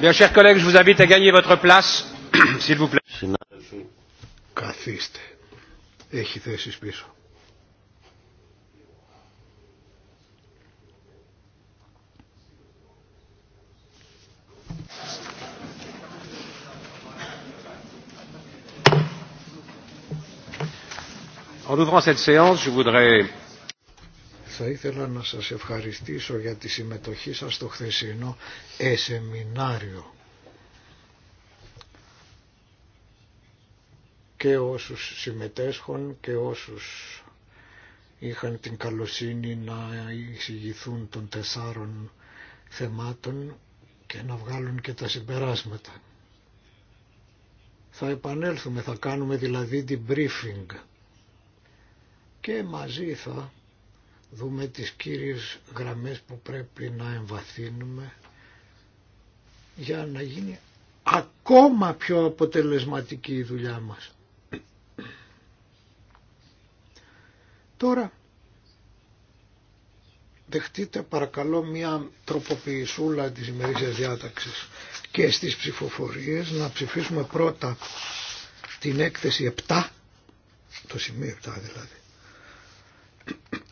Bien, chers collègues, je vous invite à gagner votre place, s'il vous plaît. Καθίστε. Έχει θέσεις πίσω. En ouvrant cette séance, je voudrais θα ήθελα να σας ευχαριστήσω για τη συμμετοχή σας στο χθεσινό εσεμινάριο. Και όσους συμμετέσχουν και όσους είχαν την καλοσύνη να εισηγηθούν των τεσσάρων θεμάτων και να βγάλουν και τα συμπεράσματα. Θα επανέλθουμε, θα κάνουμε δηλαδή την briefing και μαζί θα δούμε τις κύριες γραμμές που πρέπει να εμβαθύνουμε για να γίνει ακόμα πιο αποτελεσματική η δουλειά μας. Τώρα δεχτείτε παρακαλώ μια τροποποιησούλα της ημερήσιας διάταξης και στις ψηφοφορίες να ψηφίσουμε πρώτα την έκθεση 7, το σημείο 7 δηλαδή,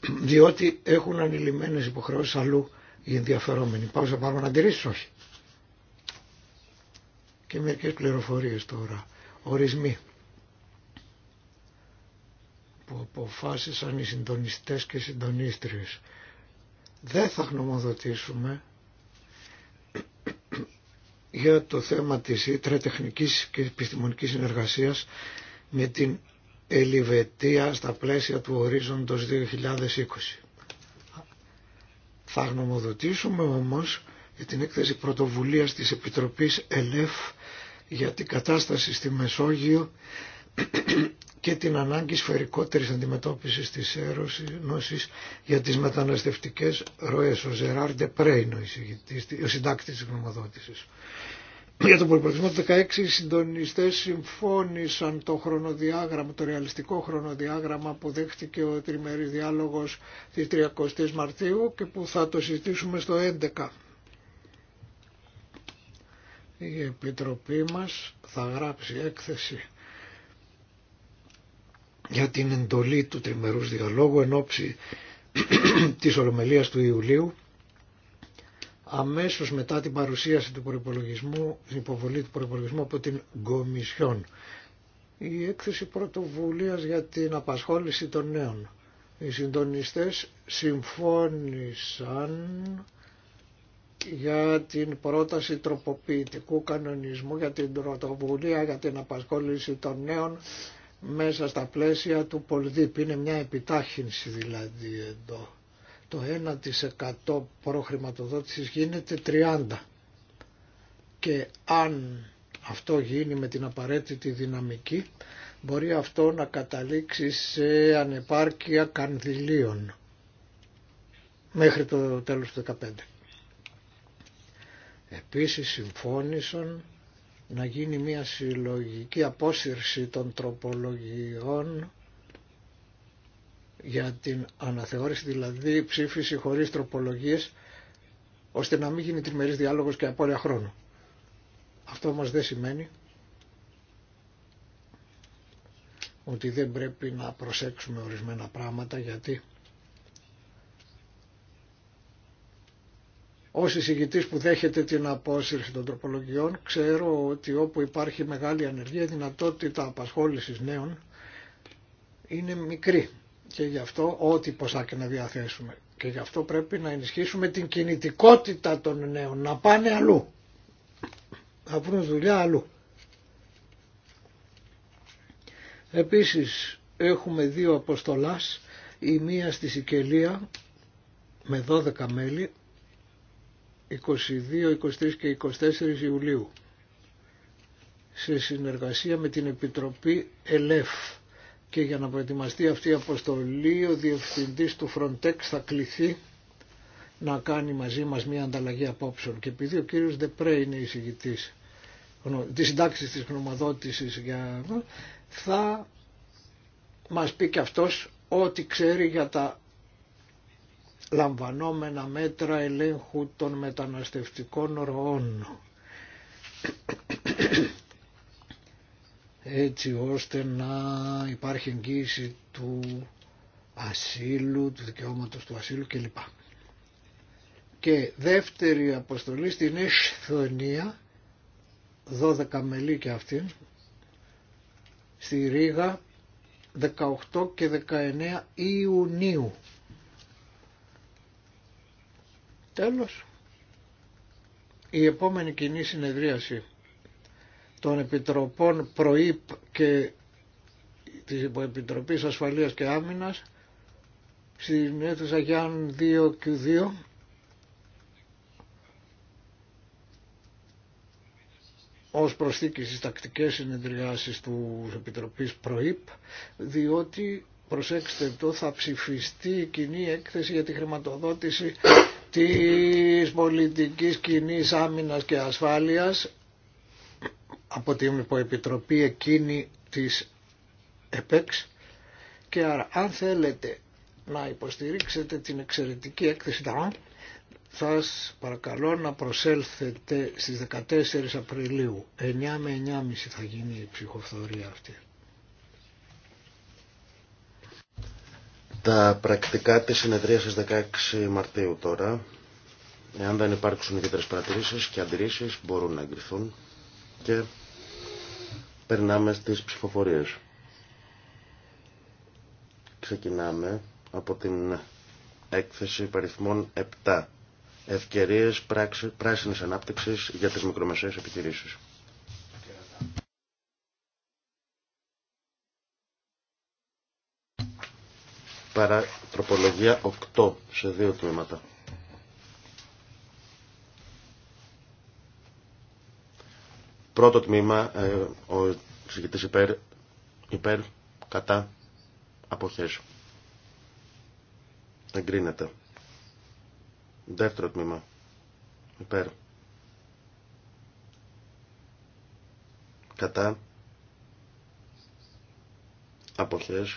διότι έχουν ανηλυμένες υποχρεώσεις αλλού οι ενδιαφερόμενοι. Πάω σε πάρουν αντιρρήσεις όχι. Και μερικές πληροφορίες τώρα. Ορισμοί που αποφάσισαν οι συντονιστές και συντονίστριες. Δεν θα γνωμοδοτήσουμε για το θέμα της ΙΤΡΑ και επιστημονικής συνεργασίας με την Ελιβετία στα πλαίσια του ορίζοντος 2020. Θα γνωμοδοτήσουμε όμως για την έκθεση πρωτοβουλίας της Επιτροπής ΕΛΕΦ για την κατάσταση στη Μεσόγειο και την ανάγκη σφαιρικότερης αντιμετώπισης της έρωσης για τις μεταναστευτικές ροές. Ο Ζεράρντε Πρέιν, ο, ο συντάκτης της γνωμοδότησης. Για τον προπολογισμό του 16 οι συντονιστές συμφώνησαν το χρονοδιάγραμμα, το ρεαλιστικό χρονοδιάγραμμα που δέχτηκε ο τριμερής διάλογος της 30 Μαρτίου και που θα το συζητήσουμε στο 11. Η Επιτροπή μας θα γράψει έκθεση για την εντολή του τριμερούς διαλόγου εν ώψη της Ολομελίας του Ιουλίου αμέσως μετά την παρουσίαση του προϋπολογισμού, την υποβολή του προϋπολογισμού από την Κομισιόν. Η έκθεση πρωτοβουλίας για την απασχόληση των νέων. Οι συντονιστές συμφώνησαν για την πρόταση τροποποιητικού κανονισμού για την πρωτοβουλία για την απασχόληση των νέων μέσα στα πλαίσια του Πολδίπ. Είναι μια επιτάχυνση δηλαδή εδώ το 1% προχρηματοδότησης γίνεται 30% και αν αυτό γίνει με την απαραίτητη δυναμική μπορεί αυτό να καταλήξει σε ανεπάρκεια κανδυλίων μέχρι το τέλος του 2015. Επίσης συμφώνησαν να γίνει μια συλλογική απόσυρση των τροπολογιών για την αναθεώρηση, δηλαδή ψήφιση χωρίς τροπολογίες, ώστε να μην γίνει τριμερής διάλογος και απόρρια χρόνου. Αυτό όμως δεν σημαίνει ότι δεν πρέπει να προσέξουμε ορισμένα πράγματα γιατί ως εισηγητής που δέχεται την απόσυρση των τροπολογιών ξέρω ότι όπου υπάρχει μεγάλη ανεργία η δυνατότητα απασχόλησης νέων είναι μικρή και γι' αυτό ό,τι ποσά και να διαθέσουμε. Και γι' αυτό πρέπει να ενισχύσουμε την κινητικότητα των νέων, να πάνε αλλού, να βρουν δουλειά αλλού. Επίσης έχουμε δύο αποστολάς, η μία στη Σικελία με 12 μέλη, 22, 23 και 24 Ιουλίου, σε συνεργασία με την Επιτροπή ΕΛΕΦ και για να προετοιμαστεί αυτή η αποστολή ο διευθυντής του Frontex θα κληθεί να κάνει μαζί μας μια ανταλλαγή απόψεων και επειδή ο κύριος Δεπρέ είναι εισηγητής της συντάξη της γνωμοδότησης για... θα μας πει και αυτός ό,τι ξέρει για τα λαμβανόμενα μέτρα ελέγχου των μεταναστευτικών ροών έτσι ώστε να υπάρχει εγγύηση του ασύλου, του δικαιώματος του ασύλου κλπ. Και δεύτερη αποστολή στην Εσθονία, 12 μελή και αυτή, στη Ρήγα 18 και 19 Ιουνίου. Τέλος, η επόμενη κοινή συνεδρίαση των Επιτροπών ΠροΥΠ και της Επιτροπής Ασφαλείας και Άμυνας στη αίθουσα Γιάνν 2Q2 ως προσθήκη στις τακτικές συνεδριάσεις του Επιτροπής ΠροΥΠ διότι προσέξτε το θα ψηφιστεί η κοινή έκθεση για τη χρηματοδότηση της πολιτικής κοινής άμυνας και ασφάλειας από την υποεπιτροπή εκείνη της ΕΠΕΞ και άρα αν θέλετε να υποστηρίξετε την εξαιρετική έκθεση θα σας παρακαλώ να προσέλθετε στις 14 Απριλίου 9 με 9.30 θα γίνει η ψυχοφθορία αυτή Τα πρακτικά της στις 16 Μαρτίου τώρα, εάν δεν υπάρξουν ιδιαίτερες παρατηρήσεις και αντιρρήσεις, μπορούν να εγκριθούν και περνάμε στις ψηφοφορίες. Ξεκινάμε από την έκθεση παριθμών 7. Ευκαιρίες πράξη, πράσινης ανάπτυξης για τις μικρομεσαίες επιχειρήσεις. Παρά τροπολογία 8 σε δύο τμήματα. Πρώτο τμήμα, ε, ο εξηγητής υπέρ, υπέρ, κατά, αποχές. Εγκρίνεται. Δεύτερο τμήμα, υπέρ, κατά, αποχές.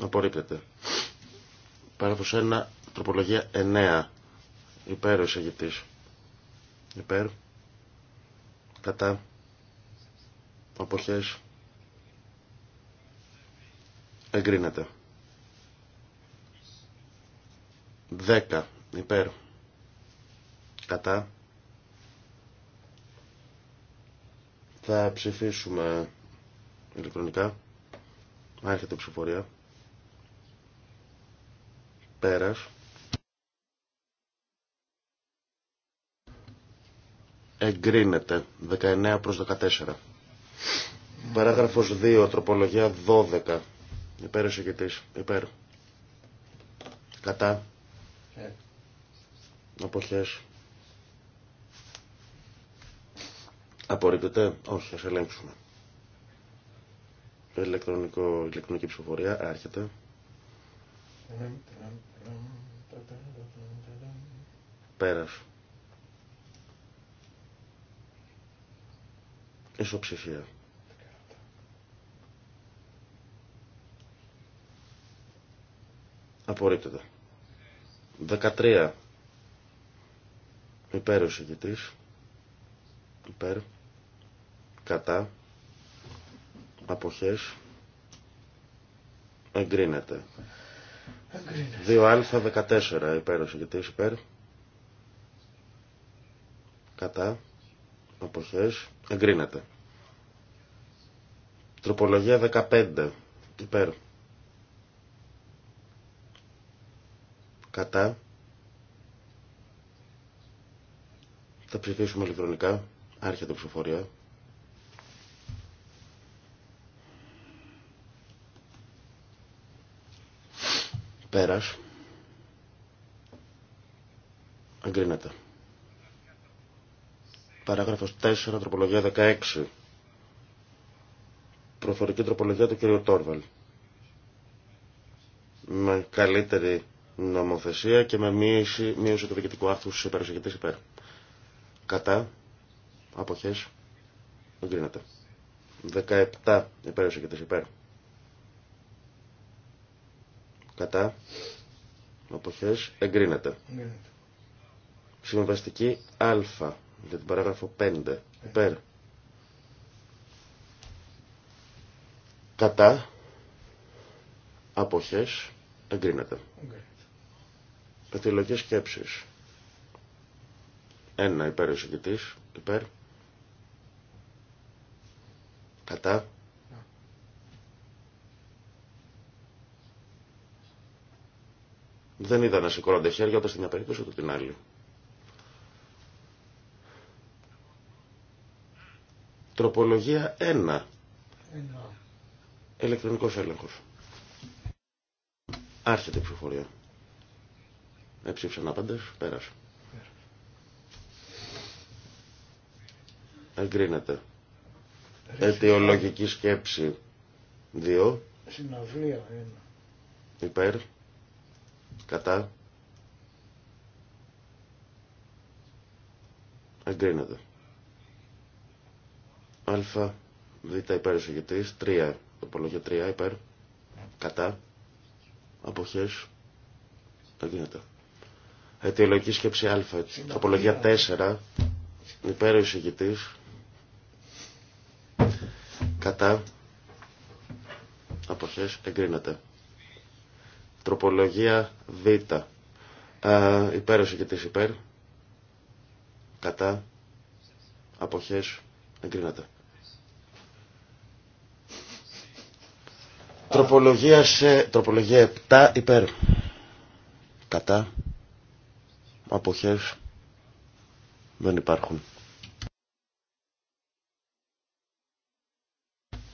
Απορρίπτεται. Παράγραφος 1, τροπολογία 9, υπέρ ο υπέρ κατά αποχές εγκρίνεται 10 υπέρ κατά θα ψηφίσουμε ηλεκτρονικά άρχεται η ψηφορία πέρας εγκρίνεται 19 προς 14. Παράγραφος 2, τροπολογία 12. Υπέρ εισηγητής, υπέρ. Κατά. Ε. Αποχές. Απορρίπτεται. Όχι, ας ελέγξουμε. Ηλεκτρονικό, ηλεκτρονική ψηφοφορία, άρχεται. Πέρασε. Ισοψηφία. Απορρίπτεται. 13. Υπέρ ο συγκητής. Υπέρ. Κατά. Αποχές. Εγκρίνεται. Εγκρίνεται. 2α14. Υπέρ ο συγκητής. Υπέρ. Κατά θες, εγκρίνεται. Τροπολογία 15 υπέρ κατά θα ψηφίσουμε ηλεκτρονικά άρχεται το ψηφοφορία πέρας εγκρίνεται. Παράγραφος 4, τροπολογία 16. Προφορική τροπολογία του κ. Τόρβαλ. Με καλύτερη νομοθεσία και με μείωση, μείωση του διοικητικού άρθρου στους υπερασυγητές υπέρ. Κατά. Αποχές. Εγκρίνεται. 17 υπερασυγητές υπέρ. Κατά. Αποχές. Εγκρίνεται. Συμβαστική α για την παράγραφο 5 υπέρ κατά αποχές εγκρίνεται. Αιτιολογικές σκέψεις. Ένα υπέρ ο υπέρ. Κατά. Δεν είδα να σηκώνονται χέρια ούτε στην μια περίπτωση ούτε την άλλη. Τροπολογία 1. Ελεκτρονικός έλεγχος. Άρχεται η ψηφοφορία. Εψήφισαν άπαντες, πέρασε. Εγκρίνεται. Αιτιολογική σκέψη 2. Συναυλία 1. Υπέρ. Κατά. Εγκρίνεται α, β υπέρ εισηγητής, 3, τοπολογία 3 υπέρ, κατά, αποχές, το γίνεται. Αιτιολογική σκέψη α, τοπολογία 4, υπέρ εισηγητής, κατά, αποχές, εγκρίνεται. Τροπολογία β, α, υπέρ εισηγητής υπέρ, κατά, αποχές, εγκρίνεται. Τροπολογία, σε, τροπολογία 7 υπέρ. Κατά. Αποχές. Δεν υπάρχουν.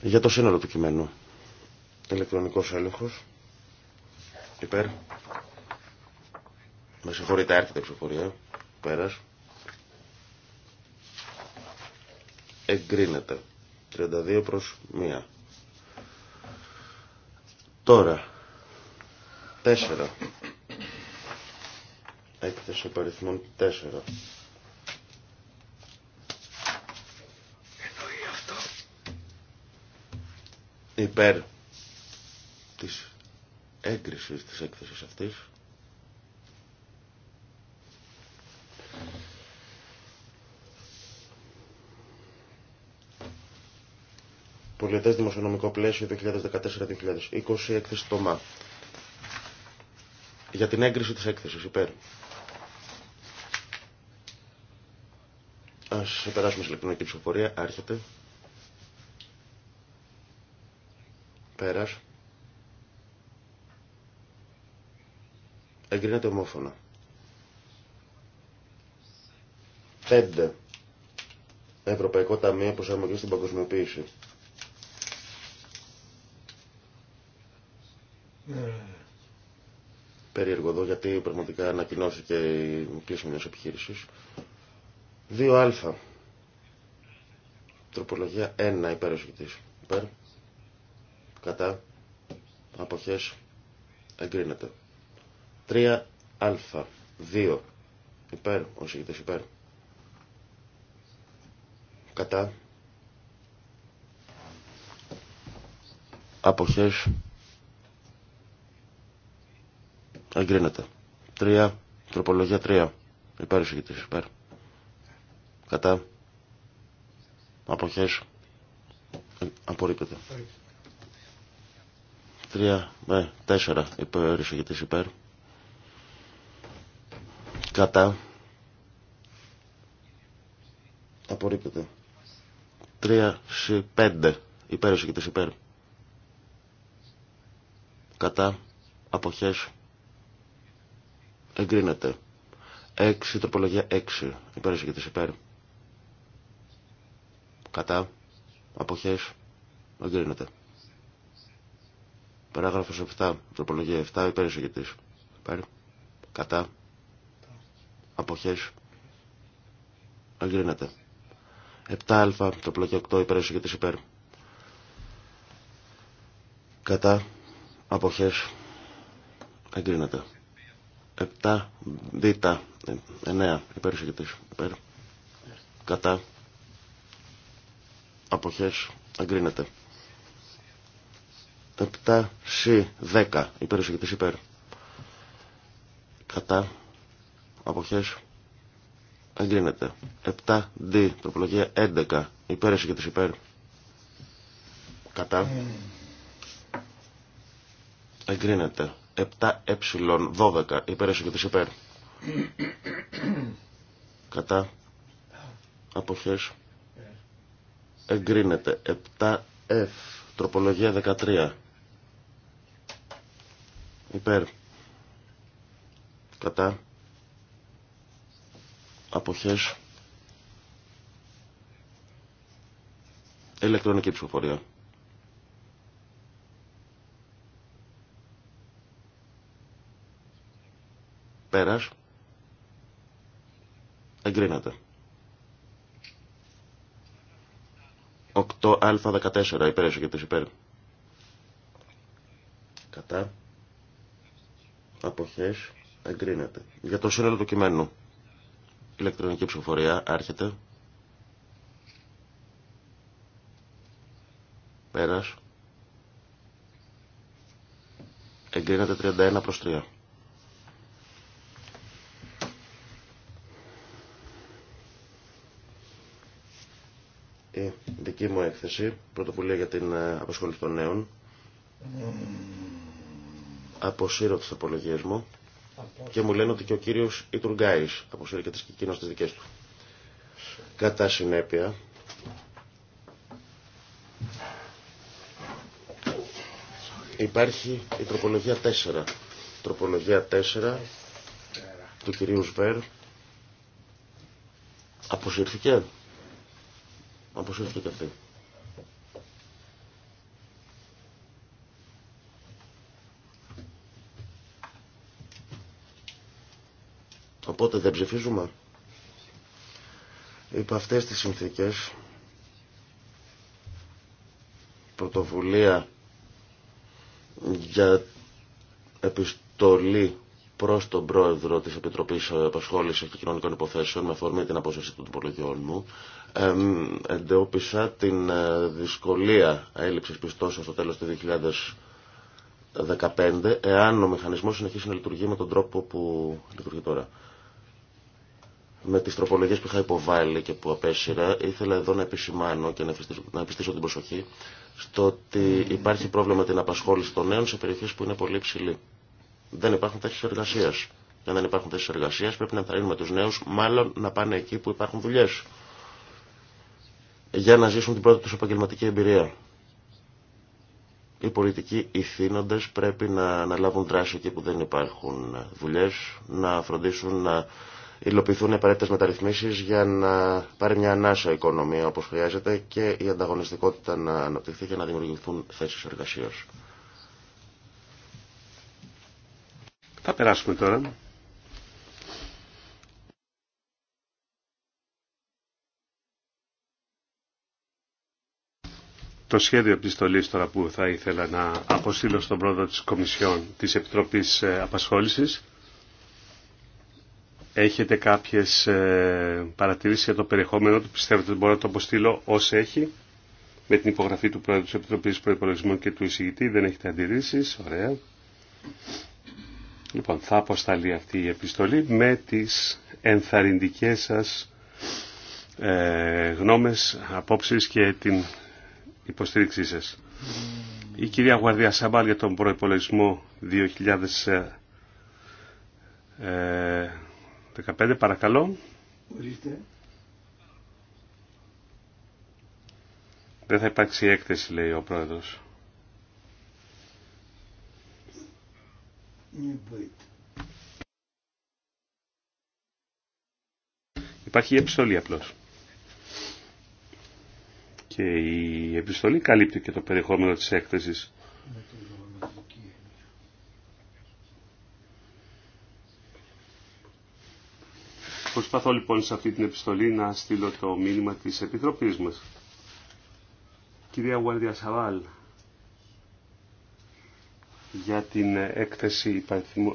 Για το σύνολο του κειμένου. Ηλεκτρονικός έλεγχος. Υπέρ. Με συγχωρείτε, έρχεται η ψηφοφορία. Πέρας. Εγκρίνεται. 32 προς 1. Τώρα, τέσσερα. Έκθεση παριθμών τέσσερα. Εννοεί αυτό. Υπέρ της έγκρισης της έκθεσης αυτής. Πολιετές Δημοσιονομικό Πλαίσιο 2014-2020, έκθεση το ΜΑ. Για την έγκριση της έκθεσης, υπέρ. Ας περάσουμε σε ηλεκτρονική ψηφοφορία, άρχεται. Πέρας. Εγκρίνεται ομόφωνα. 5. Ευρωπαϊκό Ταμείο Προσαρμογή στην Παγκοσμιοποίηση. εδώ γιατί πραγματικά ανακοινώθηκε η κλίση μιας επιχείρησης. 2α. Τροπολογία 1 υπέρ ο Υπέρ. Κατά. Αποχές. Εγκρίνεται. 3α. 2. Υπέρ ο Υπέρ. Κατά. Αποχές Εγκρίνεται. 3. Τροπολογία 3. Υπέρ εισηγητής. Υπέρ. Κατά. Αποχές. Απορρίπτεται. 3. Ναι, 4. Υπέρ εισηγητής. Υπέρ. Κατά. Απορρίπτεται. 3 σε 5. Υπέρ εισηγητής. Υπέρ. Κατά. Αποχές εγκρίνεται. 6, τροπολογία 6, υπέρ εισηγητής υπέρ. Κατά, αποχές, εγκρίνεται. Παράγραφος 7, τροπολογία 7, υπέρ εισηγητής. Υπέρ, κατά, αποχές, εγκρίνεται. 7α, τροπολογία 8, υπέρ εισηγητής υπέρ. Κατά, αποχές, εγκρίνεται. 7 δίτα, 9 υπέρ εισηγητής υπέρ κατά αποχές εγκρίνεται 7 σ 10 υπέρ εισηγητής υπέρ κατά αποχές εγκρίνεται 7 δ τροπολογία 11 υπέρ εισηγητής υπέρ κατά εγκρίνεται 7ε12 ε, υπέρ εσωτερικής υπέρ. Κατά αποχές εγκρίνεται 7F τροπολογία 13 υπέρ κατά αποχές ηλεκτρονική ψηφοφορία. πέρας εγκρίνεται. 8α14 υπέρ υπερ τις υπέρ. Κατά. Αποχές εγκρίνεται. Για το σύνολο του κειμένου. Ηλεκτρονική ψηφοφορία άρχεται. Πέρας. Εγκρίνεται 31 προς 3. η δική μου έκθεση, πρωτοβουλία για την ε, απασχόληση των νέων. Αποσύρω τις απολογίες μου και μου λένε ότι και ο κύριος Ιτουργκάης αποσύρει και τις κοινώς τις δικές του. Κατά συνέπεια, υπάρχει η τροπολογία 4. Τροπολογία 4 του κυρίου Σβέρ αποσύρθηκε όπως έχετε και αυτή. Οπότε δεν ψηφίζουμε. Υπ' αυτές τις συνθήκες πρωτοβουλία για επιστολή Προ τον πρόεδρο της Επιτροπής επασχόληση και Κοινωνικών Υποθέσεων με αφορμή την απόσταση των πολιτιών μου εντόπισα την ε, δυσκολία έλλειψη πιστώσεων στο τέλο του 2015 εάν ο μηχανισμό συνεχίσει να λειτουργεί με τον τρόπο που λειτουργεί τώρα. Με τι τροπολογίε που είχα υποβάλει και που απέσυρα ήθελα εδώ να επισημάνω και να επιστήσω την προσοχή στο ότι υπάρχει πρόβλημα την απασχόληση των νέων σε περιοχέ που είναι πολύ ψηλή δεν υπάρχουν θέσει εργασία. Και αν δεν υπάρχουν θέσει εργασία, πρέπει να ενθαρρύνουμε του νέου, μάλλον να πάνε εκεί που υπάρχουν δουλειέ. Για να ζήσουν την πρώτη του επαγγελματική εμπειρία. Οι πολιτικοί ηθήνοντε πρέπει να λάβουν δράση εκεί που δεν υπάρχουν δουλειέ, να φροντίσουν να υλοποιηθούν οι απαραίτητε μεταρρυθμίσει για να πάρει μια ανάσα οικονομία όπω χρειάζεται και η ανταγωνιστικότητα να αναπτυχθεί και να δημιουργηθούν θέσει εργασία. Θα περάσουμε τώρα. Το σχέδιο επιστολής τώρα που θα ήθελα να αποστείλω στον πρόεδρο της Κομισιόν της Επιτροπής ε, Απασχόλησης. Έχετε κάποιες ε, παρατηρήσεις για το περιεχόμενο του. Πιστεύετε ότι μπορώ να το αποστείλω όσο έχει. Με την υπογραφή του πρόεδρου της Επιτροπής Προϋπολογισμών και του εισηγητή δεν έχετε αντιρρήσεις. Ωραία. Λοιπόν, θα αποσταλεί αυτή η επιστολή με τις ενθαρρυντικές σας ε, γνώμες, απόψεις και την υποστήριξή σας. Η κυρία Γουαρδία Σαμπάλ για τον προϋπολογισμό 2015, ε, ε, παρακαλώ. Δεν θα υπάρξει έκθεση, λέει ο πρόεδρος. Υπάρχει η επιστολή απλώς. Και η επιστολή καλύπτει και το περιεχόμενο της έκθεσης. Προσπαθώ λοιπόν σε αυτή την επιστολή να στείλω το μήνυμα της Επιτροπής μας. Κυρία Γουάρδια Σαβάλ, για την έκθεση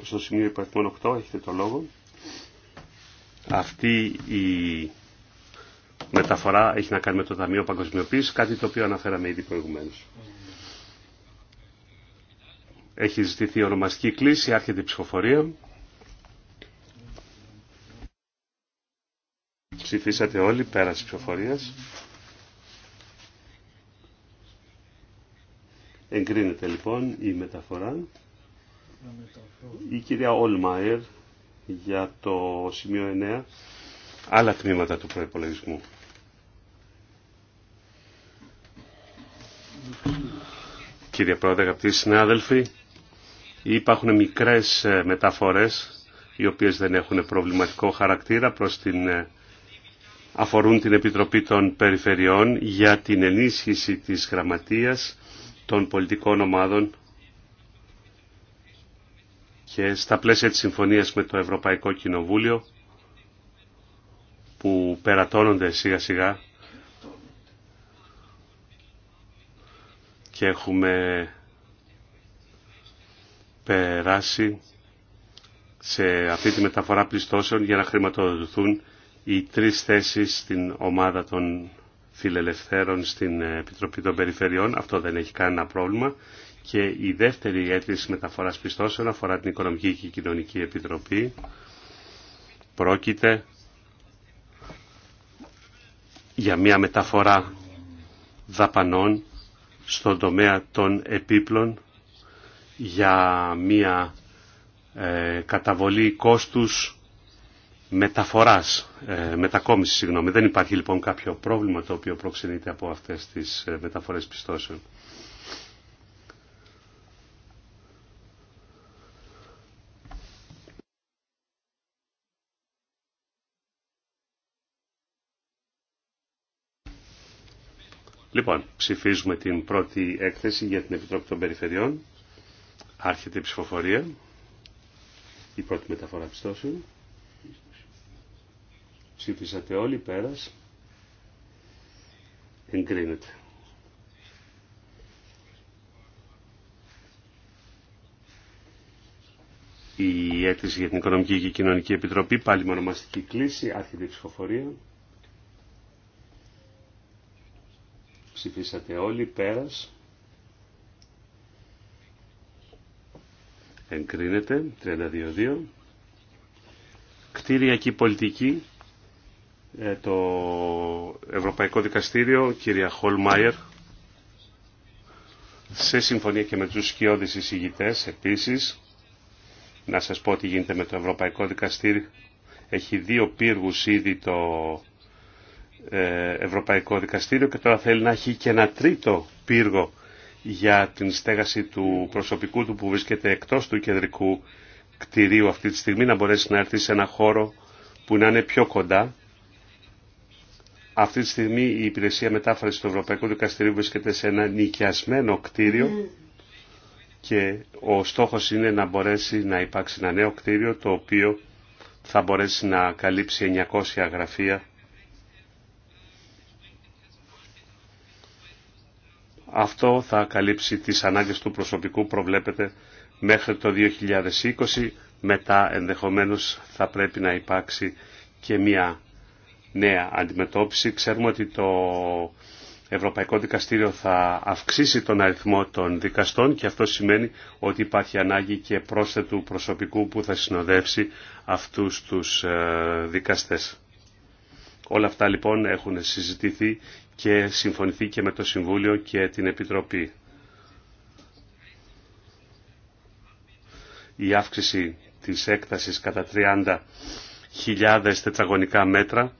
στο σημείο υπαριθμών 8. Έχετε το λόγο. Αυτή η μεταφορά έχει να κάνει με το Ταμείο Παγκοσμιοποίησης, κάτι το οποίο αναφέραμε ήδη προηγουμένως. Έχει ζητηθεί ονομαστική κλίση, άρχεται η ψηφοφορία. Ψηφίσατε όλοι πέρα ψηφοφορία. Εγκρίνεται λοιπόν η μεταφορά. Η κυρία Όλμαερ για το σημείο 9 άλλα τμήματα του προϋπολογισμού. Κύριε Πρόεδρε, αγαπητοί συνάδελφοι, υπάρχουν μικρές ε, μεταφορές οι οποίες δεν έχουν προβληματικό χαρακτήρα προς την ε, αφορούν την Επιτροπή των Περιφερειών για την ενίσχυση της γραμματείας των πολιτικών ομάδων και στα πλαίσια της συμφωνίας με το Ευρωπαϊκό Κοινοβούλιο που περατώνονται σιγά σιγά και έχουμε περάσει σε αυτή τη μεταφορά πληστώσεων για να χρηματοδοτηθούν οι τρεις θέσεις στην ομάδα των φιλελευθέρων στην Επιτροπή των Περιφερειών. Αυτό δεν έχει κανένα πρόβλημα. Και η δεύτερη αίτηση μεταφοράς πιστώσεων αφορά την Οικονομική και Κοινωνική Επιτροπή. Πρόκειται για μια μεταφορά δαπανών στον τομέα των επίπλων για μια ε, καταβολή κόστους μεταφοράς, ε, μετακόμισης, συγγνώμη. Δεν υπάρχει λοιπόν κάποιο πρόβλημα το οποίο προξενείται από αυτές τις ε, μεταφορές πιστώσεων. Λοιπόν, ψηφίζουμε την πρώτη έκθεση για την Επιτροπή των Περιφερειών. Άρχεται η ψηφοφορία. Η πρώτη μεταφορά πιστώσεων. Ψήφισατε όλοι πέρας. Εγκρίνεται. Η έκθεση για την Οικονομική και Κοινωνική Επιτροπή, πάλι με ονομαστική κλίση, άρχεται ψηφοφορία. Ψηφίσατε όλοι, πέρας. Εγκρίνεται, 32-2. Κτηριακή πολιτική, ε, το Ευρωπαϊκό Δικαστήριο, κυρία Χολμάιερ, σε συμφωνία και με τους σκιώδεις εισηγητές επίσης, να σας πω τι γίνεται με το Ευρωπαϊκό Δικαστήριο, έχει δύο πύργους ήδη το ε, Ευρωπαϊκό Δικαστήριο και τώρα θέλει να έχει και ένα τρίτο πύργο για την στέγαση του προσωπικού του που βρίσκεται εκτός του κεντρικού κτηρίου αυτή τη στιγμή να μπορέσει να έρθει σε ένα χώρο που να είναι πιο κοντά αυτή τη στιγμή η υπηρεσία μετάφραση του Ευρωπαϊκού Δικαστηρίου βρίσκεται σε ένα νοικιασμένο κτίριο και ο στόχος είναι να μπορέσει να υπάρξει ένα νέο κτίριο το οποίο θα μπορέσει να καλύψει 900 γραφεία. Αυτό θα καλύψει τις ανάγκες του προσωπικού προβλέπεται μέχρι το 2020. Μετά ενδεχομένως θα πρέπει να υπάρξει και μια νέα αντιμετώπιση. Ξέρουμε ότι το Ευρωπαϊκό Δικαστήριο θα αυξήσει τον αριθμό των δικαστών και αυτό σημαίνει ότι υπάρχει ανάγκη και πρόσθετου προσωπικού που θα συνοδεύσει αυτούς τους ε, δικαστές. Όλα αυτά λοιπόν έχουν συζητηθεί και συμφωνηθεί και με το Συμβούλιο και την Επιτροπή. Η αύξηση της έκτασης κατά 30.000 τετραγωνικά μέτρα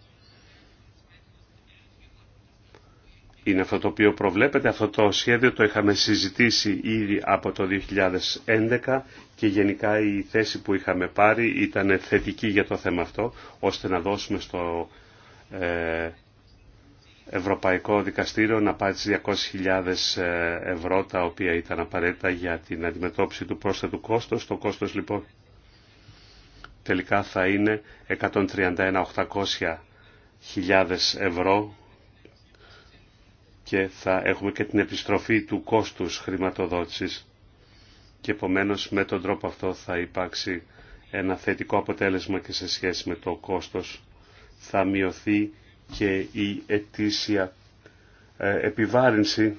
είναι αυτό το οποίο προβλέπεται. Αυτό το σχέδιο το είχαμε συζητήσει ήδη από το 2011 και γενικά η θέση που είχαμε πάρει ήταν θετική για το θέμα αυτό, ώστε να δώσουμε στο ε, Ευρωπαϊκό Δικαστήριο να πάρει τις 200.000 ε, ευρώ τα οποία ήταν απαραίτητα για την αντιμετώπιση του πρόσθετου κόστος. Το κόστος λοιπόν τελικά θα είναι 131.800.000 ευρώ και θα έχουμε και την επιστροφή του κόστους χρηματοδότησης και επομένως με τον τρόπο αυτό θα υπάρξει ένα θετικό αποτέλεσμα και σε σχέση με το κόστος θα μειωθεί και η ετήσια ε, επιβάρυνση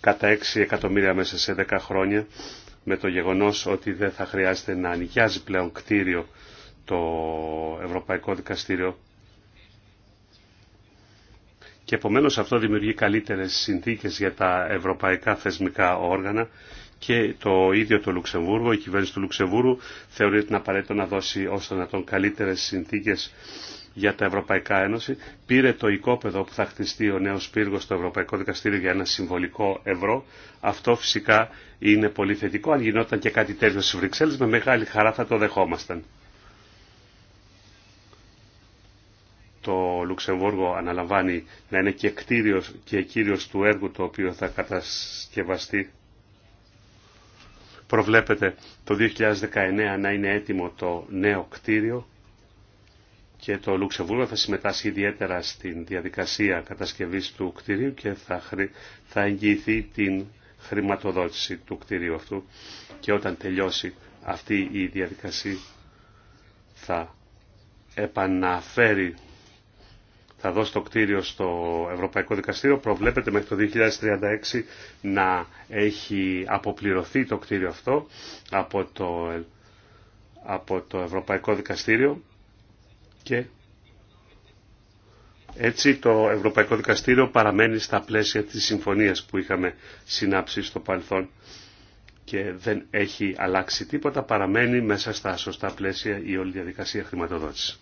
κατά 6 εκατομμύρια μέσα σε 10 χρόνια με το γεγονός ότι δεν θα χρειάζεται να νοικιάζει πλέον κτίριο το Ευρωπαϊκό Δικαστήριο και επομένως αυτό δημιουργεί καλύτερες συνθήκες για τα ευρωπαϊκά θεσμικά όργανα και το ίδιο το Λουξεμβούργο, η κυβέρνηση του Λουξεμβούργου θεωρεί ότι είναι απαραίτητο να δώσει όσο να τον καλύτερες συνθήκες για τα Ευρωπαϊκά Ένωση. Πήρε το οικόπεδο που θα χτιστεί ο νέος πύργος στο Ευρωπαϊκό Δικαστήριο για ένα συμβολικό ευρώ. Αυτό φυσικά είναι πολύ θετικό. Αν γινόταν και κάτι τέτοιο στις Βρυξέλλες, με μεγάλη χαρά θα το δεχόμασταν. το Λουξεμβούργο αναλαμβάνει να είναι και, κτίριος, και κύριος του έργου το οποίο θα κατασκευαστεί. Προβλέπεται το 2019 να είναι έτοιμο το νέο κτίριο και το Λουξεμβούργο θα συμμετάσχει ιδιαίτερα στην διαδικασία κατασκευής του κτίριου και θα, θα εγγυηθεί την χρηματοδότηση του κτίριου αυτού και όταν τελειώσει αυτή η διαδικασία θα επαναφέρει θα δώσει το κτίριο στο Ευρωπαϊκό Δικαστήριο. Προβλέπεται μέχρι το 2036 να έχει αποπληρωθεί το κτίριο αυτό από το, από το Ευρωπαϊκό Δικαστήριο και έτσι το Ευρωπαϊκό Δικαστήριο παραμένει στα πλαίσια της συμφωνίας που είχαμε συνάψει στο παρελθόν και δεν έχει αλλάξει τίποτα, παραμένει μέσα στα σωστά πλαίσια η όλη διαδικασία χρηματοδότηση.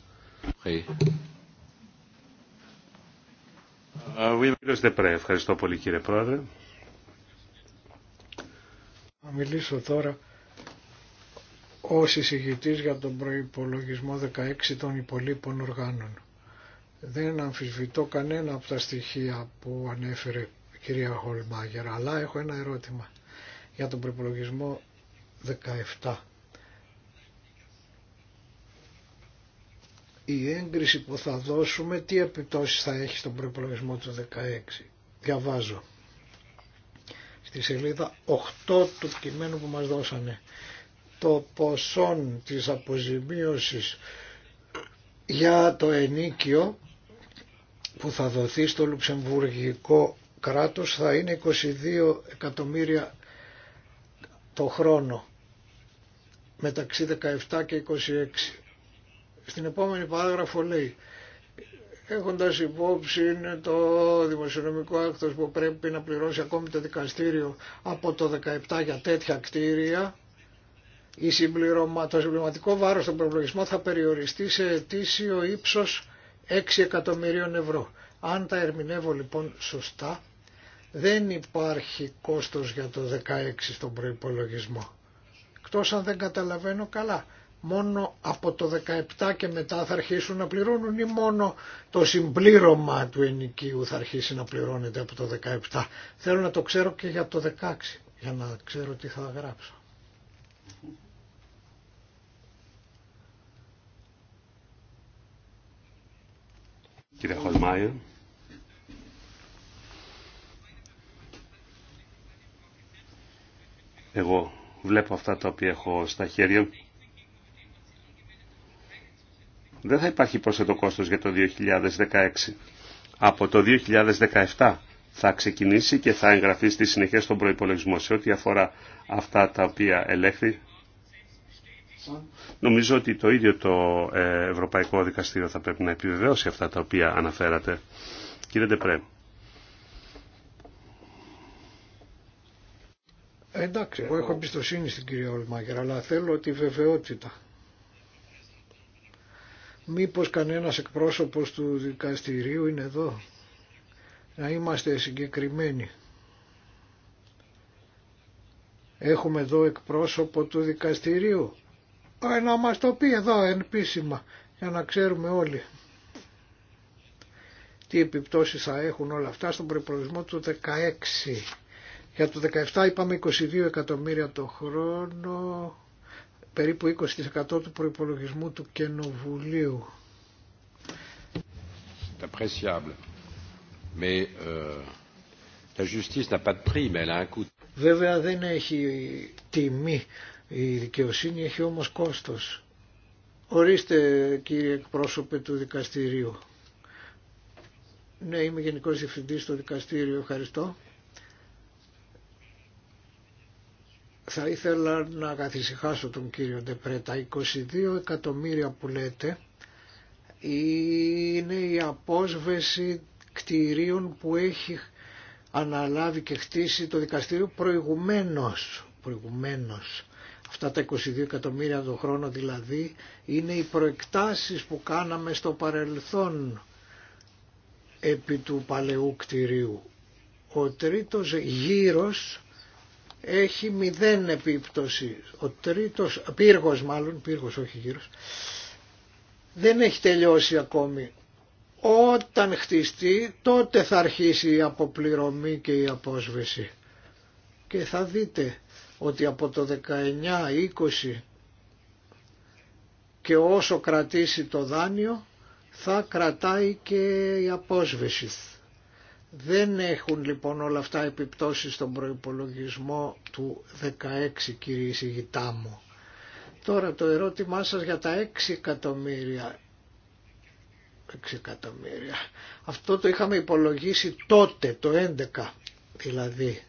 Ε, ευχαριστώ πολύ κύριε Πρόεδρε. Θα μιλήσω τώρα ως εισηγητής για τον προϋπολογισμό 16 των υπολείπων οργάνων. Δεν αμφισβητώ κανένα από τα στοιχεία που ανέφερε η κυρία Χολμάγερ, αλλά έχω ένα ερώτημα για τον προϋπολογισμό 17. η έγκριση που θα δώσουμε τι επιπτώσεις θα έχει στον προπολογισμό του 16. Διαβάζω στη σελίδα 8 του κειμένου που μας δώσανε. Το ποσό της αποζημίωσης για το ενίκιο που θα δοθεί στο λουξεμβουργικό κράτος θα είναι 22 εκατομμύρια το χρόνο μεταξύ 17 και 26 στην επόμενη παράγραφο λέει έχοντας υπόψη είναι το δημοσιονομικό άκτος που πρέπει να πληρώσει ακόμη το δικαστήριο από το 17 για τέτοια κτίρια, η συμπληρωμα... το συμπληρωματικό βάρος των προπλογισμών θα περιοριστεί σε ετήσιο ύψος 6 εκατομμυρίων ευρώ. Αν τα ερμηνεύω λοιπόν σωστά, δεν υπάρχει κόστος για το 16 στον προϋπολογισμό. Εκτός αν δεν καταλαβαίνω καλά μόνο από το 17 και μετά θα αρχίσουν να πληρώνουν ή μόνο το συμπλήρωμα του ενοικίου θα αρχίσει να πληρώνεται από το 17. Θέλω να το ξέρω και για το 16 για να ξέρω τι θα γράψω. Κύριε Εγώ βλέπω αυτά τα οποία έχω στα χέρια μου δεν θα υπάρχει πρόσθετο κόστος για το 2016. Από το 2017 θα ξεκινήσει και θα εγγραφεί στη συνεχεία στον προϋπολογισμό σε ό,τι αφορά αυτά τα οποία ελέγχθη. Νομίζω ότι το ίδιο το ε, Ευρωπαϊκό Δικαστήριο θα πρέπει να επιβεβαιώσει αυτά τα οποία αναφέρατε. Κύριε Ντεπρέ. Εντάξει, εγώ έχω εμπιστοσύνη στην κυρία Ολμάγερ, αλλά θέλω τη βεβαιότητα. Μήπως κανένας εκπρόσωπος του δικαστηρίου είναι εδώ. Να είμαστε συγκεκριμένοι. Έχουμε εδώ εκπρόσωπο του δικαστηρίου. Α, ε, να μας το πει εδώ πίσημα για να ξέρουμε όλοι τι επιπτώσεις θα έχουν όλα αυτά στον προπολογισμό του 16. Για το 17 είπαμε 22 εκατομμύρια το χρόνο περίπου 20% του προϋπολογισμού του κενοβουλίου. Βέβαια δεν έχει τιμή η δικαιοσύνη, έχει όμως κόστος. Ορίστε κύριε εκπρόσωπε του δικαστηρίου. Ναι, είμαι Γενικός Διευθυντής στο δικαστήριο, ευχαριστώ. θα ήθελα να καθησυχάσω τον κύριο Ντεπρέτα. Τα 22 εκατομμύρια που λέτε είναι η απόσβεση κτηρίων που έχει αναλάβει και χτίσει το δικαστήριο προηγουμένως. προηγουμένως. Αυτά τα 22 εκατομμύρια το χρόνο δηλαδή είναι οι προεκτάσεις που κάναμε στο παρελθόν επί του παλαιού κτηρίου. Ο τρίτος γύρος έχει μηδέν επίπτωση. Ο τρίτος, πύργος μάλλον, πύργος όχι γύρος, δεν έχει τελειώσει ακόμη. Όταν χτιστεί τότε θα αρχίσει η αποπληρωμή και η απόσβεση. Και θα δείτε ότι από το 19-20 και όσο κρατήσει το δάνειο θα κρατάει και η απόσβεση. Δεν έχουν λοιπόν όλα αυτά επιπτώσεις στον προϋπολογισμό του 16 κύριε εισηγητά μου. Τώρα το ερώτημά σας για τα 6 εκατομμύρια. 6 εκατομμύρια. Αυτό το είχαμε υπολογίσει τότε, το 11 δηλαδή.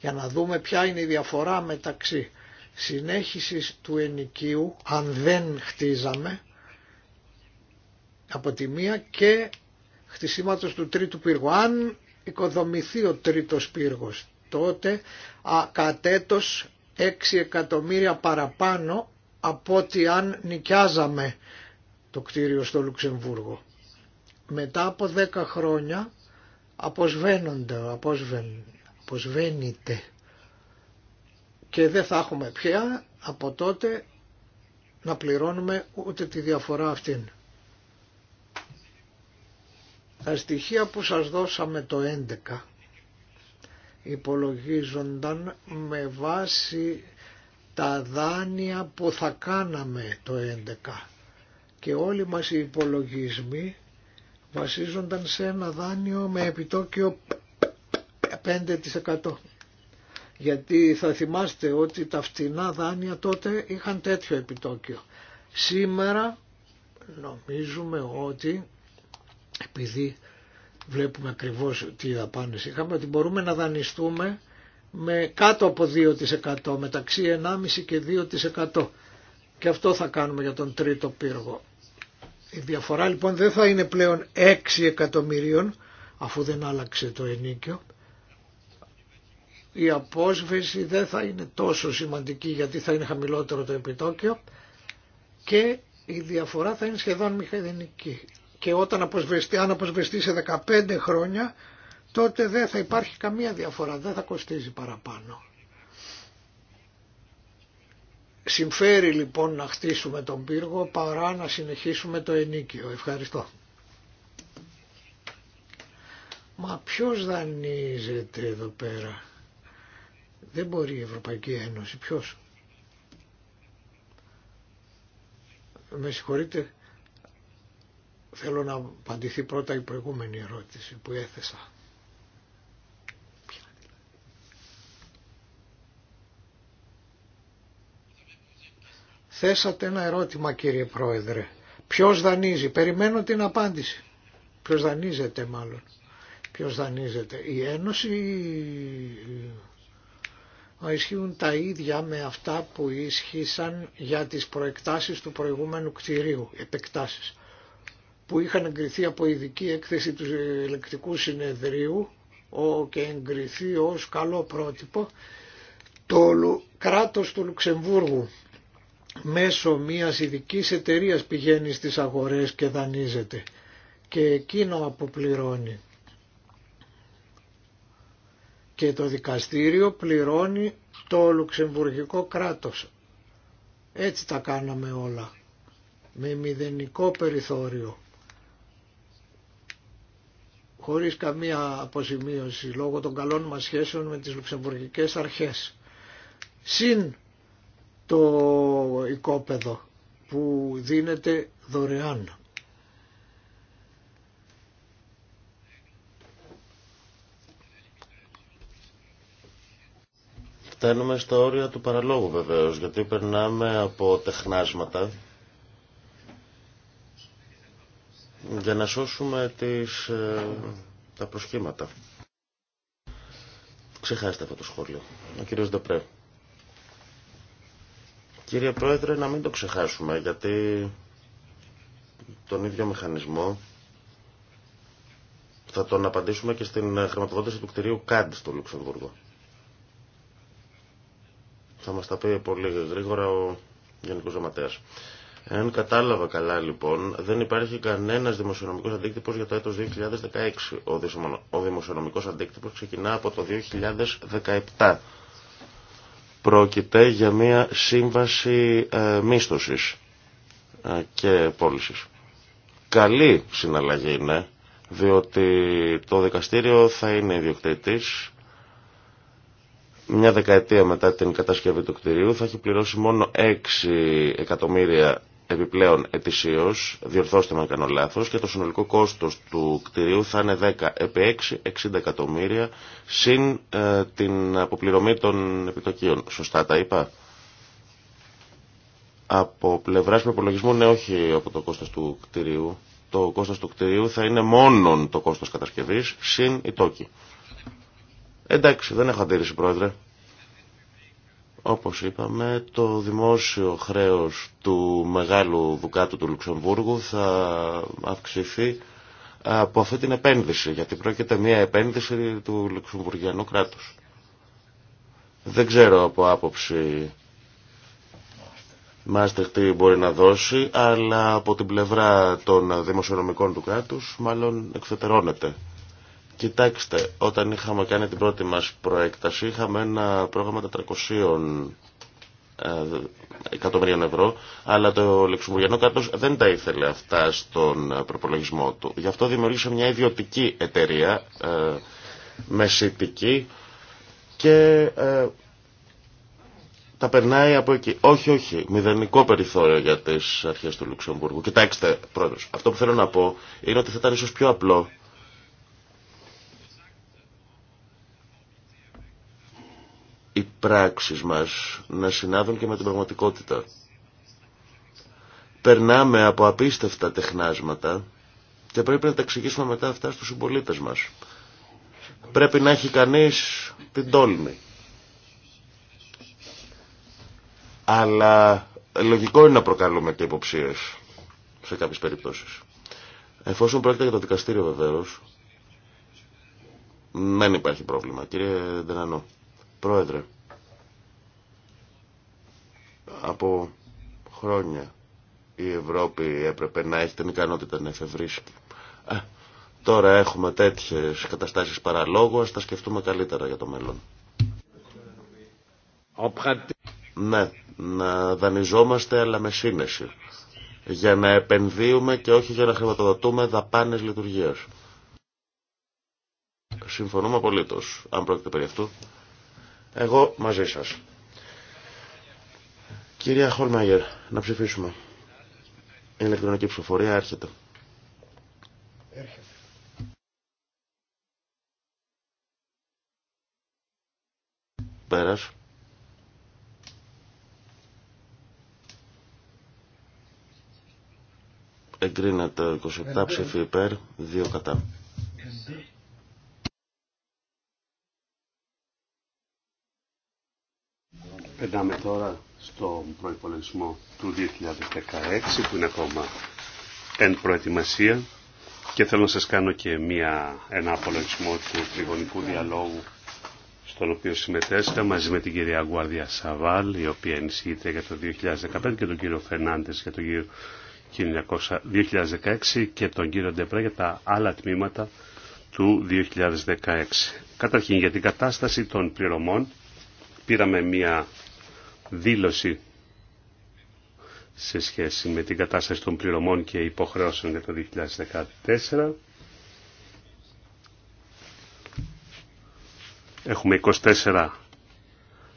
Για να δούμε ποια είναι η διαφορά μεταξύ συνέχισης του ενοικίου, αν δεν χτίζαμε, από τη μία και χτισήματος του τρίτου πύργου. Αν οικοδομηθεί ο τρίτος πύργος τότε α, κατέτος 6 εκατομμύρια παραπάνω από ότι αν νοικιάζαμε το κτίριο στο Λουξεμβούργο. Μετά από 10 χρόνια αποσβαίνονται, αποσβέν, αποσβαίνεται και δεν θα έχουμε πια από τότε να πληρώνουμε ούτε τη διαφορά αυτήν. Τα στοιχεία που σας δώσαμε το 11 υπολογίζονταν με βάση τα δάνεια που θα κάναμε το 11 και όλοι μας οι υπολογισμοί βασίζονταν σε ένα δάνειο με επιτόκιο 5%. Γιατί θα θυμάστε ότι τα φτηνά δάνεια τότε είχαν τέτοιο επιτόκιο. Σήμερα νομίζουμε ότι επειδή βλέπουμε ακριβώς τι δαπάνες είχαμε, ότι μπορούμε να δανειστούμε με κάτω από 2% μεταξύ 1,5% και 2%. Και αυτό θα κάνουμε για τον τρίτο πύργο. Η διαφορά λοιπόν δεν θα είναι πλέον 6 εκατομμυρίων αφού δεν άλλαξε το ενίκιο. Η απόσβεση δεν θα είναι τόσο σημαντική γιατί θα είναι χαμηλότερο το επιτόκιο και η διαφορά θα είναι σχεδόν μηχανική και όταν αποσβεστεί, αν αποσβεστεί σε 15 χρόνια τότε δεν θα υπάρχει καμία διαφορά, δεν θα κοστίζει παραπάνω. Συμφέρει λοιπόν να χτίσουμε τον πύργο παρά να συνεχίσουμε το ενίκιο. Ευχαριστώ. Μα ποιος δανείζεται εδώ πέρα. Δεν μπορεί η Ευρωπαϊκή Ένωση. Ποιος. Με συγχωρείτε. Θέλω να απαντηθεί πρώτα η προηγούμενη ερώτηση που έθεσα. Θέσατε ένα ερώτημα κύριε Πρόεδρε. Ποιος δανείζει. Περιμένω την απάντηση. Ποιος δανείζεται μάλλον. Ποιος δανείζεται. Η Ένωση ισχύουν τα ίδια με αυτά που ίσχυσαν για τις προεκτάσεις του προηγούμενου κτηρίου. Επεκτάσεις που είχαν εγκριθεί από ειδική έκθεση του ελεκτικού συνεδρίου και εγκριθεί ως καλό πρότυπο το κράτος του Λουξεμβούργου μέσω μιας ειδική εταιρεία πηγαίνει στις αγορές και δανείζεται και εκείνο αποπληρώνει και το δικαστήριο πληρώνει το λουξεμβουργικό κράτος. Έτσι τα κάναμε όλα, με μηδενικό περιθώριο χωρίς καμία αποζημίωση λόγω των καλών μας σχέσεων με τις λουξεμβουργικές αρχές. Συν το οικόπεδο που δίνεται δωρεάν. Φτάνουμε στα όρια του παραλόγου βεβαίως, γιατί περνάμε από τεχνάσματα για να σώσουμε τις, ε, τα προσχήματα. Ξεχάστε αυτό το σχόλιο. Ο κύριος Ντεπρέ. Κύριε Πρόεδρε, να μην το ξεχάσουμε, γιατί τον ίδιο μηχανισμό θα τον απαντήσουμε και στην χρηματοδότηση του κτηρίου ΚΑΝΤ στο Λουξεμβούργο. Θα μας τα πει πολύ γρήγορα ο Γενικός Γραμματέας. Αν κατάλαβα καλά λοιπόν, δεν υπάρχει κανένας δημοσιονομικός αντίκτυπος για το έτος 2016. Ο δημοσιονομικός αντίκτυπος ξεκινά από το 2017. Πρόκειται για μια σύμβαση ε, μίσθωσης ε, και πώλησης. Καλή συναλλαγή είναι, διότι το δικαστήριο θα είναι ιδιοκτήτης μια δεκαετία μετά την κατασκευή του κτηρίου θα έχει πληρώσει μόνο 6 εκατομμύρια επιπλέον ετησίω, διορθώστε με αν κάνω λάθο, και το συνολικό κόστο του κτηρίου θα είναι 10 επί 6, 60 εκατομμύρια, συν ε, την αποπληρωμή των επιτοκίων. Σωστά τα είπα. Από πλευρά προπολογισμού, ναι, όχι από το κόστο του κτηρίου. Το κόστο του κτηρίου θα είναι μόνον το κόστο κατασκευή, συν η τόκη. Εντάξει, δεν έχω αντίρρηση, Πρόεδρε. Όπως είπαμε, το δημόσιο χρέος του μεγάλου δουκάτου του Λουξεμβούργου θα αυξηθεί από αυτή την επένδυση, γιατί πρόκειται μια επένδυση του Λουξεμβουργιανού κράτους. Δεν ξέρω από άποψη Μάστερ τι μπορεί να δώσει, αλλά από την πλευρά των δημοσιονομικών του κράτους μάλλον εξωτερώνεται Κοιτάξτε, όταν είχαμε κάνει την πρώτη μας προέκταση είχαμε ένα πρόγραμμα 400 ε, εκατομμυρίων ευρώ, αλλά το Λεξουμβουργιανό κράτος δεν τα ήθελε αυτά στον ε, προπολογισμό του. Γι' αυτό δημιουργήσε μια ιδιωτική εταιρεία, ε, μεσητική, και ε, τα περνάει από εκεί. Όχι, όχι, μηδενικό περιθώριο για τις αρχές του Λουξεμβούργου. Κοιτάξτε, πρόεδρος, αυτό που θέλω να πω είναι ότι θα ήταν ίσως πιο απλό πράξεις μας να συνάδουν και με την πραγματικότητα. Περνάμε από απίστευτα τεχνάσματα και πρέπει να τα εξηγήσουμε μετά αυτά στους συμπολίτε μας. Πρέπει να έχει κανείς την τόλμη. Αλλά λογικό είναι να προκαλούμε και υποψίες σε κάποιες περιπτώσεις. Εφόσον πρόκειται για το δικαστήριο βεβαίως, δεν υπάρχει πρόβλημα. Κύριε Δενανό, Πρόεδρε από χρόνια η Ευρώπη έπρεπε να έχει την ικανότητα να εφευρίσκει. Ε, τώρα έχουμε τέτοιες καταστάσεις παραλόγου, ας τα σκεφτούμε καλύτερα για το μέλλον. Ναι, να δανειζόμαστε αλλά με σύνεση. Για να επενδύουμε και όχι για να χρηματοδοτούμε δαπάνες λειτουργίας. Συμφωνούμε απολύτως, αν πρόκειται περί αυτού. Εγώ μαζί σας. Κυρία Χολμάγερ, να ψηφίσουμε. Η ηλεκτρονική ψηφοφορία έρχεται. Έρχεται. Πέρας. Εγκρίνεται 27 ψηφί υπέρ, 2 κατά. Περνάμε τώρα στον προϋπολογισμό του 2016 που είναι ακόμα εν προετοιμασία και θέλω να σας κάνω και μια, ένα απολογισμό του τριγωνικού διαλόγου στον οποίο συμμετέσχα μαζί με την κυρία Γουάρδια Σαβάλ η οποία ενισχύεται για το 2015 και τον κύριο Φερνάντες για το 2016 και τον κύριο Ντεπρέ για τα άλλα τμήματα του 2016. Καταρχήν για την κατάσταση των πληρωμών πήραμε μια δήλωση σε σχέση με την κατάσταση των πληρωμών και υποχρεώσεων για το 2014. Έχουμε 24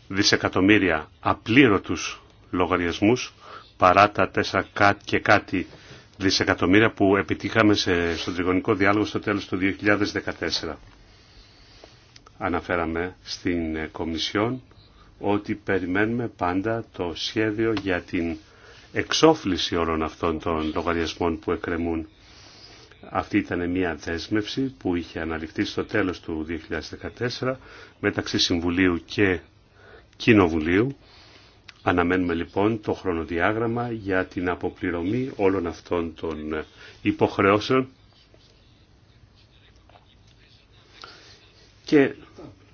δισεκατομμύρια απλήρωτους λογαριασμούς παρά τα 4 και κάτι δισεκατομμύρια που επιτύχαμε σε, στον τριγωνικό διάλογο στο τέλος του 2014. Αναφέραμε στην ε, Κομισιόν ότι περιμένουμε πάντα το σχέδιο για την εξόφληση όλων αυτών των λογαριασμών που εκκρεμούν. Αυτή ήταν μια δέσμευση που είχε αναλυφθεί στο τέλος του 2014 μεταξύ Συμβουλίου και Κοινοβουλίου. Αναμένουμε λοιπόν το χρονοδιάγραμμα για την αποπληρωμή όλων αυτών των υποχρεώσεων και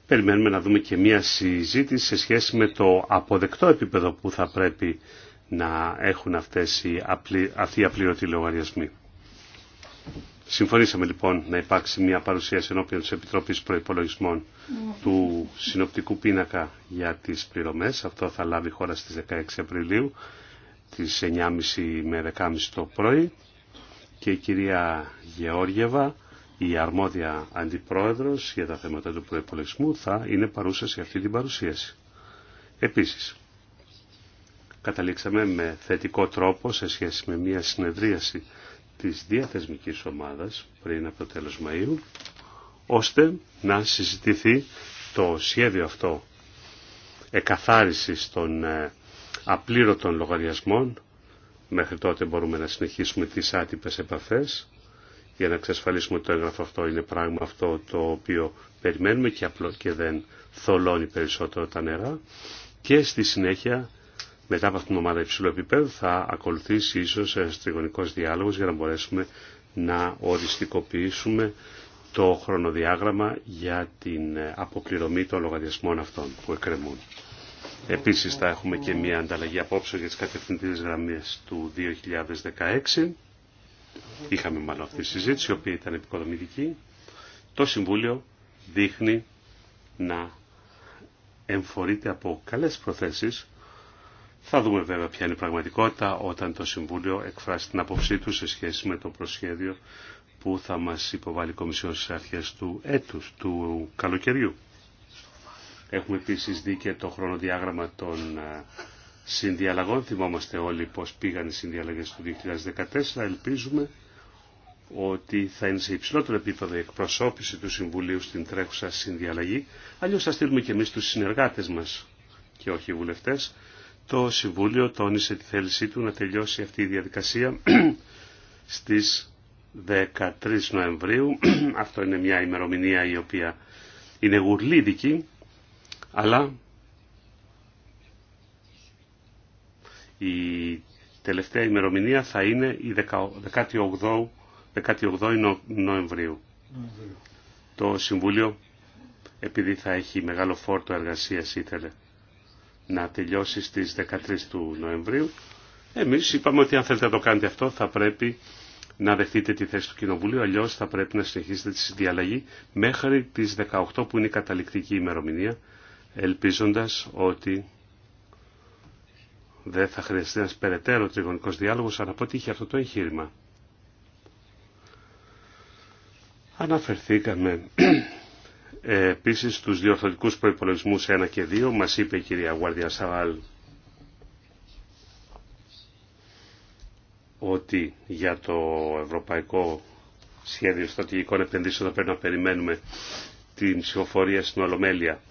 περιμένουμε να δούμε και μία συζήτηση σε σχέση με το αποδεκτό επίπεδο που θα πρέπει να έχουν αυτές οι απλή, αυτοί οι απλήρωτοι λογαριασμοί. Συμφωνήσαμε λοιπόν να υπάρξει μια παρουσίαση ενώπιον της Επιτροπής Προϋπολογισμών του συνοπτικού πίνακα για τις πληρωμές. Αυτό θα λάβει χώρα στις 16 Απριλίου, τις 9.30 με 10.30 το πρωί. Και η κυρία Γεώργεβα η αρμόδια αντιπρόεδρος για τα θέματα του προϋπολογισμού θα είναι παρούσα σε αυτή την παρουσίαση. Επίσης, καταλήξαμε με θετικό τρόπο σε σχέση με μια συνεδρίαση της διαθεσμικής ομάδας πριν από το τέλος Μαΐου, ώστε να συζητηθεί το σχέδιο αυτό εκαθάρισης των ε, απλήρωτων λογαριασμών. Μέχρι τότε μπορούμε να συνεχίσουμε τις άτυπες επαφές για να εξασφαλίσουμε ότι το έγγραφο αυτό είναι πράγμα αυτό το οποίο περιμένουμε και απλό και δεν θολώνει περισσότερο τα νερά και στη συνέχεια μετά από αυτήν την ομάδα υψηλού επίπεδου θα ακολουθήσει ίσως ένα τριγωνικό διάλογο για να μπορέσουμε να οριστικοποιήσουμε το χρονοδιάγραμμα για την αποκληρωμή των λογαριασμών αυτών που εκκρεμούν. Επίσης θα έχουμε και μια ανταλλαγή απόψε για τις κατευθυντήρες γραμμές του 2016 είχαμε μάλλον αυτή τη συζήτηση, η οποία ήταν επικοδομητική, το Συμβούλιο δείχνει να εμφορείται από καλές προθέσεις. Θα δούμε βέβαια ποια είναι η πραγματικότητα όταν το Συμβούλιο εκφράσει την άποψή του σε σχέση με το προσχέδιο που θα μας υποβάλει η Κομισιόν στις αρχές του έτους, του καλοκαιριού. Έχουμε επίσης δει και το χρονοδιάγραμμα των ε, συνδιαλλαγών. Θυμόμαστε όλοι πώς πήγαν οι συνδιαλλαγές του 2014. Ελπίζουμε ότι θα είναι σε υψηλότερο επίπεδο η εκπροσώπηση του Συμβουλίου στην τρέχουσα συνδιαλλαγή. Αλλιώς θα στείλουμε και εμείς τους συνεργάτες μας και όχι οι βουλευτές. Το Συμβούλιο τόνισε τη θέλησή του να τελειώσει αυτή η διαδικασία στις 13 Νοεμβρίου. Αυτό είναι μια ημερομηνία η οποία είναι γουρλίδικη, αλλά Η τελευταία ημερομηνία θα είναι η 18, 18 Νοεμβρίου. Το Συμβούλιο, επειδή θα έχει μεγάλο φόρτο εργασίας, ήθελε να τελειώσει στις 13 του Νοεμβρίου. Εμείς είπαμε ότι αν θέλετε να το κάνετε αυτό θα πρέπει να δεχτείτε τη θέση του Κοινοβουλίου, αλλιώς θα πρέπει να συνεχίσετε τη συνδιαλλαγή μέχρι τις 18 που είναι η καταληκτική ημερομηνία, ελπίζοντας ότι δεν θα χρειαστεί ένας περαιτέρω τριγωνικός διάλογος αν αποτύχει αυτό το εγχείρημα. Αναφερθήκαμε επίσης στους διορθωτικούς προϋπολογισμούς 1 και 2, μας είπε η κυρία Γουάρδια Σαβάλ ότι για το Ευρωπαϊκό Σχέδιο Στρατηγικών Επενδύσεων θα πρέπει να περιμένουμε την ψηφοφορία στην Ολομέλεια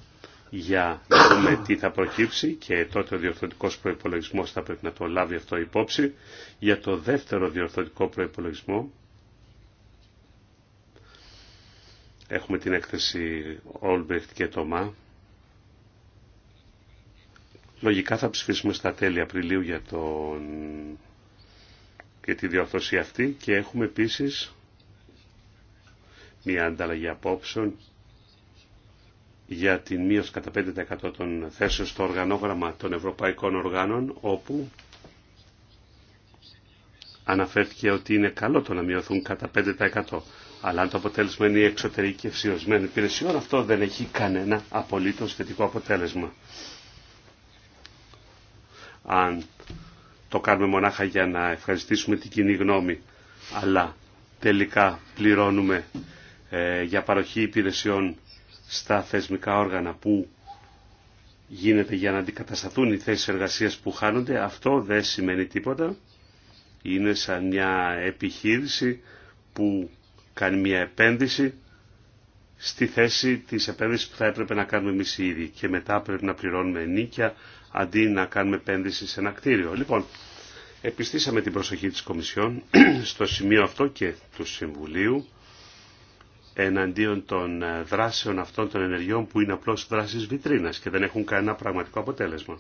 για να δούμε τι θα προκύψει και τότε ο διορθωτικός προϋπολογισμός θα πρέπει να το λάβει αυτό υπόψη. Για το δεύτερο διορθωτικό προϋπολογισμό έχουμε την έκθεση Όλμπριχτ και Τομά. Λογικά θα ψηφίσουμε στα τέλη Απριλίου για, τον... για τη διορθώση αυτή και έχουμε επίσης μια ανταλλαγή απόψεων για την μείωση κατά 5% των θέσεων στο οργανόγραμμα των ευρωπαϊκών οργάνων, όπου αναφέρθηκε ότι είναι καλό το να μειωθούν κατά 5%. Αλλά αν το αποτέλεσμα είναι η εξωτερική ευσιοσμένη υπηρεσιών, αυτό δεν έχει κανένα απολύτως θετικό αποτέλεσμα. Αν το κάνουμε μονάχα για να ευχαριστήσουμε την κοινή γνώμη, αλλά τελικά πληρώνουμε ε, για παροχή υπηρεσιών στα θεσμικά όργανα που γίνεται για να αντικατασταθούν οι θέσεις εργασίας που χάνονται, αυτό δεν σημαίνει τίποτα. Είναι σαν μια επιχείρηση που κάνει μια επένδυση στη θέση της επένδυσης που θα έπρεπε να κάνουμε εμείς οι και μετά πρέπει να πληρώνουμε νίκια αντί να κάνουμε επένδυση σε ένα κτίριο. Λοιπόν, επιστήσαμε την προσοχή της Κομισιόν στο σημείο αυτό και του Συμβουλίου εναντίον των ε, δράσεων αυτών των ενεργειών που είναι απλώς δράσεις βιτρίνας και δεν έχουν κανένα πραγματικό αποτέλεσμα.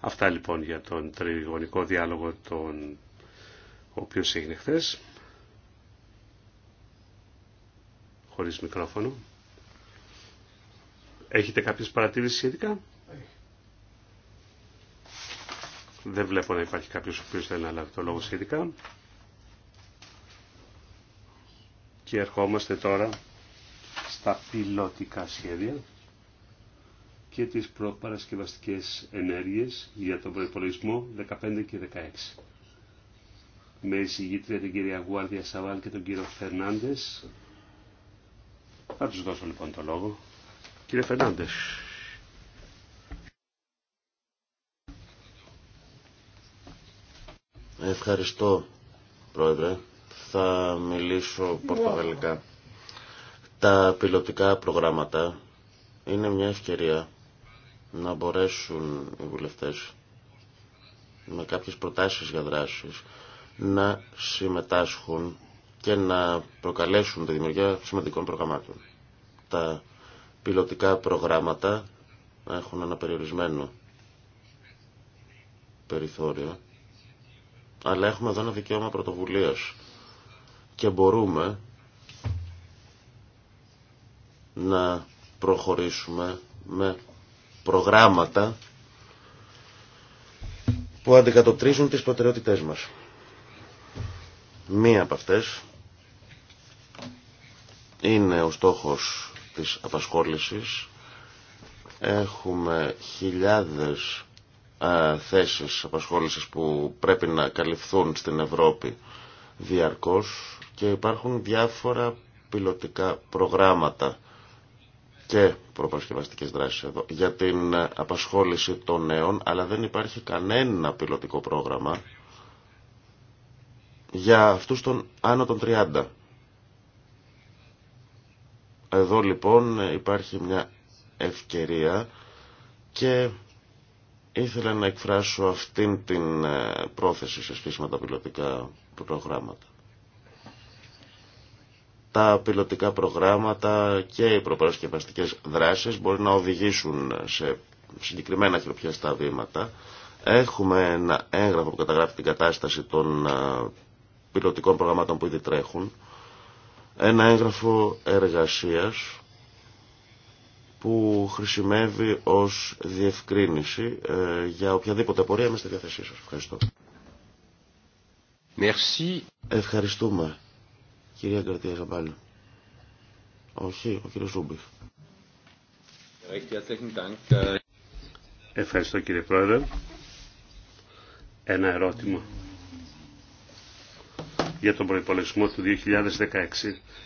Αυτά λοιπόν για τον τριγωνικό διάλογο τον... ο οποίος έγινε χθε. χωρίς μικρόφωνο. Έχετε κάποιες παρατήρησεις σχετικά? Δεν βλέπω να υπάρχει κάποιος ο οποίος θέλει να λάβει το λόγο σχετικά. Και ερχόμαστε τώρα στα πιλωτικά σχέδια και τις προπαρασκευαστικές ενέργειες για τον προϋπολογισμό 15 και 16. Με εισηγήτρια την κυρία Γουάρδια Σαβάλ και τον κύριο Φερνάντες. Θα τους δώσω λοιπόν το λόγο. Κύριε Φερνάντες. Ευχαριστώ, Πρόεδρε. Θα μιλήσω πορτογαλικά. Τα πιλωτικά προγράμματα είναι μια ευκαιρία να μπορέσουν οι βουλευτές με κάποιες προτάσεις για δράσεις να συμμετάσχουν και να προκαλέσουν τη δημιουργία σημαντικών προγραμμάτων. Τα πιλωτικά προγράμματα έχουν ένα περιορισμένο περιθώριο αλλά έχουμε εδώ ένα δικαίωμα πρωτοβουλίας και μπορούμε να προχωρήσουμε με προγράμματα που αντικατοπτρίζουν τις προτεραιότητές μας. Μία από αυτές είναι ο στόχος της απασχόλησης. Έχουμε χιλιάδες α, θέσεις απασχόλησης που πρέπει να καλυφθούν στην Ευρώπη διαρκώς και υπάρχουν διάφορα πιλωτικά προγράμματα και προπαρασκευαστικές δράσεις εδώ για την απασχόληση των νέων, αλλά δεν υπάρχει κανένα πιλωτικό πρόγραμμα για αυτούς των άνω των 30. Εδώ λοιπόν υπάρχει μια ευκαιρία και ήθελα να εκφράσω αυτήν την ε, πρόθεση σε σχέση με τα πιλωτικά προγράμματα τα πιλωτικά προγράμματα και οι προπαρασκευαστικές δράσεις μπορεί να οδηγήσουν σε συγκεκριμένα χειροπιαστά βήματα. Έχουμε ένα έγγραφο που καταγράφει την κατάσταση των πιλωτικών προγραμμάτων που ήδη τρέχουν. Ένα έγγραφο εργασίας που χρησιμεύει ως διευκρίνηση ε, για οποιαδήποτε πορεία είμαι στη διάθεσή σας. Ευχαριστώ. Ευχαριστούμε. Κυρία Καρτία Όχι, ο Ζούμπιχ. Ευχαριστώ κύριε Πρόεδρε. Ένα ερώτημα για τον προπολογισμό του 2016.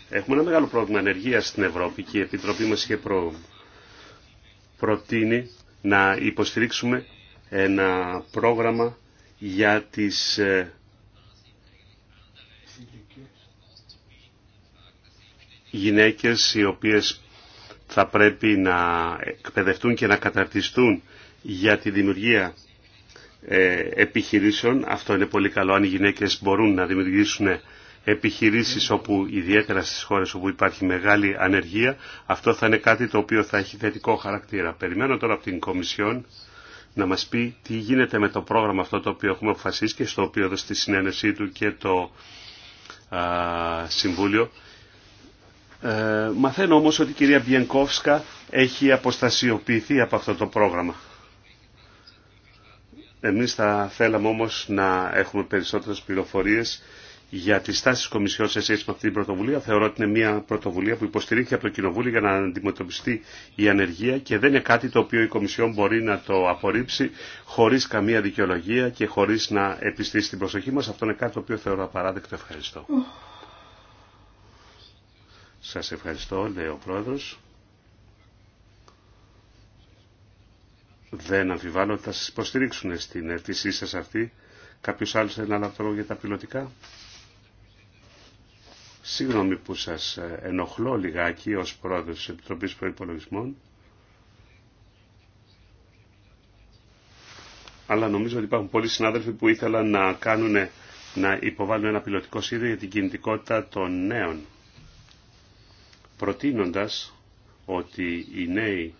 Έχουμε ένα μεγάλο πρόβλημα ενεργείας στην Ευρώπη και η Επιτροπή μας είχε προ... προτείνει να υποστηρίξουμε ένα πρόγραμμα για τις ε, γυναίκες οι οποίες θα πρέπει να εκπαιδευτούν και να καταρτιστούν για τη δημιουργία ε, επιχειρήσεων. Αυτό είναι πολύ καλό αν οι γυναίκες μπορούν να δημιουργήσουν επιχειρήσεις όπου ιδιαίτερα στις χώρες όπου υπάρχει μεγάλη ανεργία. Αυτό θα είναι κάτι το οποίο θα έχει θετικό χαρακτήρα. Περιμένω τώρα από την Κομισιόν να μας πει τι γίνεται με το πρόγραμμα αυτό το οποίο έχουμε αποφασίσει και στο οποίο δώσει τη συνένεσή του και το α, Συμβούλιο ε, μαθαίνω όμως ότι η κυρία Μπιενκόφσκα έχει αποστασιοποιηθεί από αυτό το πρόγραμμα. Εμείς θα θέλαμε όμως να έχουμε περισσότερες πληροφορίες για τη στάση της Κομισιόν σε σχέση με αυτή την πρωτοβουλία. Θεωρώ ότι είναι μια πρωτοβουλία που υποστηρίχθηκε από το Κοινοβούλιο για να αντιμετωπιστεί η ανεργία και δεν είναι κάτι το οποίο η Κομισιόν μπορεί να το απορρίψει χωρίς καμία δικαιολογία και χωρίς να επιστήσει την προσοχή μας. Αυτό είναι κάτι το οποίο θεωρώ απαράδεκτο. Ευχαριστώ. Σας ευχαριστώ, λέει ο Πρόεδρος. Δεν αμφιβάλλω ότι θα σας υποστηρίξουν στην αίτησή σας αυτή. Κάποιος άλλος θέλει να λόγο για τα πιλωτικά. Συγγνώμη που σας ενοχλώ λιγάκι ως πρόεδρος της Επιτροπής Προϋπολογισμών. Αλλά νομίζω ότι υπάρχουν πολλοί συνάδελφοι που ήθελαν να κάνουν, να υποβάλουν ένα πιλωτικό σχέδιο για την κινητικότητα των νέων προτείνοντας ότι οι νέοι